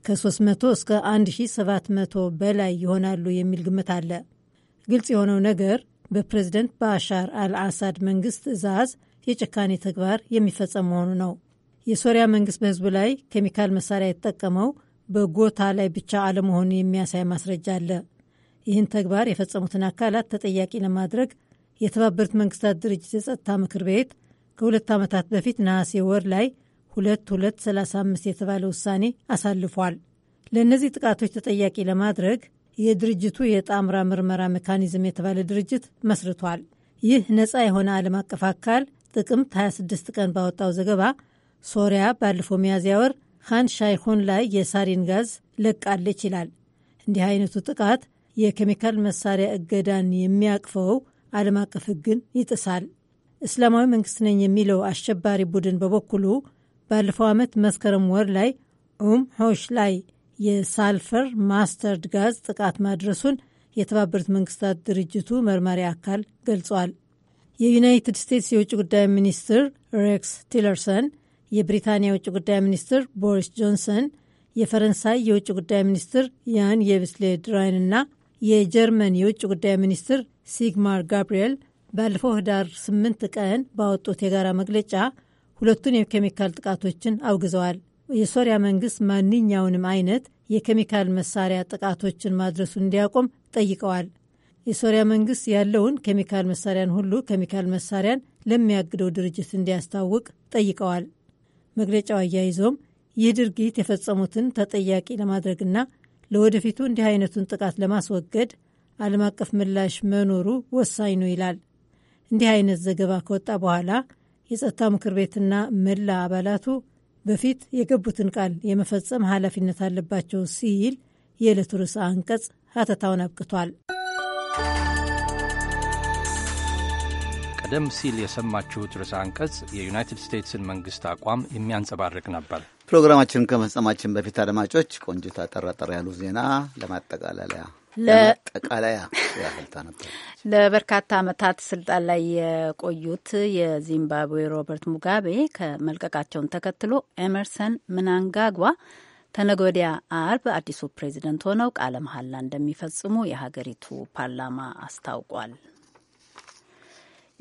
ከ300 እስከ 1700 በላይ ይሆናሉ የሚል ግምት አለ። ግልጽ የሆነው ነገር በፕሬዝደንት ባሻር አልአሳድ መንግስት እዛዝ የጭካኔ ተግባር የሚፈጸም መሆኑ ነው። የሶሪያ መንግስት በህዝቡ ላይ ኬሚካል መሳሪያ የተጠቀመው በጎታ ላይ ብቻ አለመሆኑን የሚያሳይ ማስረጃ አለ። ይህን ተግባር የፈጸሙትን አካላት ተጠያቂ ለማድረግ የተባበሩት መንግስታት ድርጅት የጸጥታ ምክር ቤት ከሁለት ዓመታት በፊት ነሐሴ ወር ላይ 2235 የተባለ ውሳኔ አሳልፏል። ለእነዚህ ጥቃቶች ተጠያቂ ለማድረግ የድርጅቱ የጣምራ ምርመራ ሜካኒዝም የተባለ ድርጅት መስርቷል። ይህ ነፃ የሆነ ዓለም አቀፍ አካል ጥቅምት 26 ቀን ባወጣው ዘገባ ሶሪያ ባለፈው ሚያዝያ ወር ሃን ሻይሆን ላይ የሳሪን ጋዝ ለቃለች ይላል። እንዲህ አይነቱ ጥቃት የኬሚካል መሳሪያ እገዳን የሚያቅፈው ዓለም አቀፍ ሕግን ይጥሳል። እስላማዊ መንግስት ነኝ የሚለው አሸባሪ ቡድን በበኩሉ ባለፈው ዓመት መስከረም ወር ላይ ኡም ሆሽ ላይ የሳልፈር ማስተርድ ጋዝ ጥቃት ማድረሱን የተባበሩት መንግስታት ድርጅቱ መርማሪ አካል ገልጿል። የዩናይትድ ስቴትስ የውጭ ጉዳይ ሚኒስትር ሬክስ ቲለርሰን፣ የብሪታንያ የውጭ ጉዳይ ሚኒስትር ቦሪስ ጆንሰን፣ የፈረንሳይ የውጭ ጉዳይ ሚኒስትር ያን የብስሌ ድራይንና የጀርመን የውጭ ጉዳይ ሚኒስትር ሲግማር ጋብርኤል ባለፈው ህዳር 8 ቀን ባወጡት የጋራ መግለጫ ሁለቱን የኬሚካል ጥቃቶችን አውግዘዋል። የሶሪያ መንግስት ማንኛውንም አይነት የኬሚካል መሳሪያ ጥቃቶችን ማድረሱን እንዲያቆም ጠይቀዋል። የሶሪያ መንግስት ያለውን ኬሚካል መሳሪያን ሁሉ ኬሚካል መሳሪያን ለሚያግደው ድርጅት እንዲያስታውቅ ጠይቀዋል። መግለጫው አያይዞም ይህ ድርጊት የፈጸሙትን ተጠያቂ ለማድረግና ለወደፊቱ እንዲህ አይነቱን ጥቃት ለማስወገድ ዓለም አቀፍ ምላሽ መኖሩ ወሳኝ ነው ይላል። እንዲህ አይነት ዘገባ ከወጣ በኋላ የጸጥታ ምክር ቤትና መላ አባላቱ በፊት የገቡትን ቃል የመፈጸም ኃላፊነት አለባቸው ሲል የዕለቱ ርዕሰ አንቀጽ ሀተታውን አብቅቷል። ቀደም ሲል የሰማችሁት ርዕሰ አንቀጽ የዩናይትድ ስቴትስን መንግስት አቋም የሚያንጸባርቅ ነበር። ፕሮግራማችንን ከመፈጸማችን በፊት አድማጮች፣ ቆንጅት አጠራጠር ያሉ ዜና ለማጠቃለያ ለጠቃላያ ለበርካታ ዓመታት ስልጣን ላይ የቆዩት የዚምባብዌ ሮበርት ሙጋቤ ከመልቀቃቸውን ተከትሎ ኤመርሰን ምናንጋጓ ተነጎዲያ አርብ አዲሱ ፕሬዚደንት ሆነው ቃለ መሐላ እንደሚፈጽሙ የሀገሪቱ ፓርላማ አስታውቋል።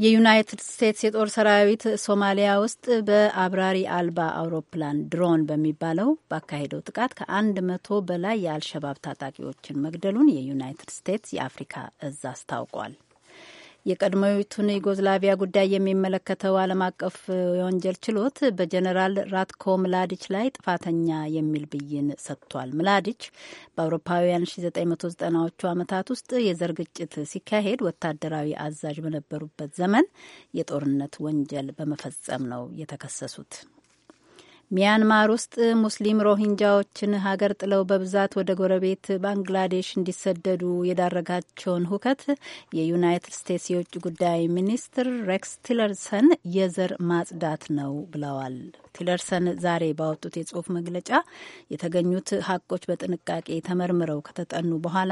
የዩናይትድ ስቴትስ የጦር ሰራዊት ሶማሊያ ውስጥ በአብራሪ አልባ አውሮፕላን ድሮን በሚባለው ባካሄደው ጥቃት ከአንድ መቶ በላይ የአልሸባብ ታጣቂዎችን መግደሉን የዩናይትድ ስቴትስ የአፍሪካ እዝ አስታውቋል። የቀድሞዊቱን ዩጎዝላቪያ ጉዳይ የሚመለከተው ዓለም አቀፍ የወንጀል ችሎት በጀኔራል ራትኮ ምላዲች ላይ ጥፋተኛ የሚል ብይን ሰጥቷል። ምላዲች በአውሮፓውያን 1990ዎቹ ዓመታት ውስጥ የዘር ግጭት ሲካሄድ ወታደራዊ አዛዥ በነበሩበት ዘመን የጦርነት ወንጀል በመፈጸም ነው የተከሰሱት። ሚያንማር ውስጥ ሙስሊም ሮሂንጃዎችን ሀገር ጥለው በብዛት ወደ ጎረቤት ባንግላዴሽ እንዲሰደዱ የዳረጋቸውን ሁከት የዩናይትድ ስቴትስ የውጭ ጉዳይ ሚኒስትር ሬክስ ቲለርሰን የዘር ማጽዳት ነው ብለዋል። ቲለርሰን ዛሬ ባወጡት የጽሁፍ መግለጫ የተገኙት ሀቆች በጥንቃቄ ተመርምረው ከተጠኑ በኋላ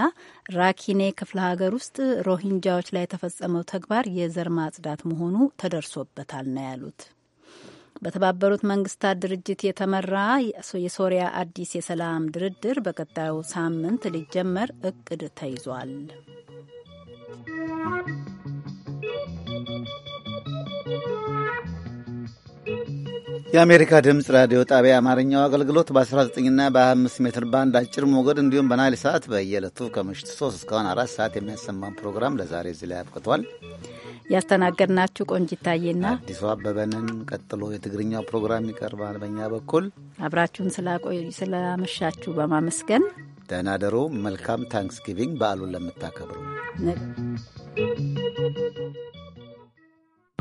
ራኪኔ ክፍለ ሀገር ውስጥ ሮሂንጃዎች ላይ የተፈጸመው ተግባር የዘር ማጽዳት መሆኑ ተደርሶበታል ነው ያሉት። በተባበሩት መንግስታት ድርጅት የተመራ የሶሪያ አዲስ የሰላም ድርድር በቀጣዩ ሳምንት ሊጀመር እቅድ ተይዟል። የአሜሪካ ድምፅ ራዲዮ ጣቢያ አማርኛው አገልግሎት በ19ና በ25 ሜትር ባንድ አጭር ሞገድ እንዲሁም በናይል ሰዓት በየዕለቱ ከምሽት 3 እስካሁን አራት ሰዓት የሚያሰማን ፕሮግራም ለዛሬ እዚህ ላይ አብቅቷል። ያስተናገድናችሁ ቆንጂታዬና አዲሱ አበበንን። ቀጥሎ የትግርኛው ፕሮግራም ይቀርባል። በእኛ በኩል አብራችሁን ስላመሻችሁ በማመስገን ደህና ደሩ። መልካም ታንክስጊቪንግ በዓሉን ለምታከብሩ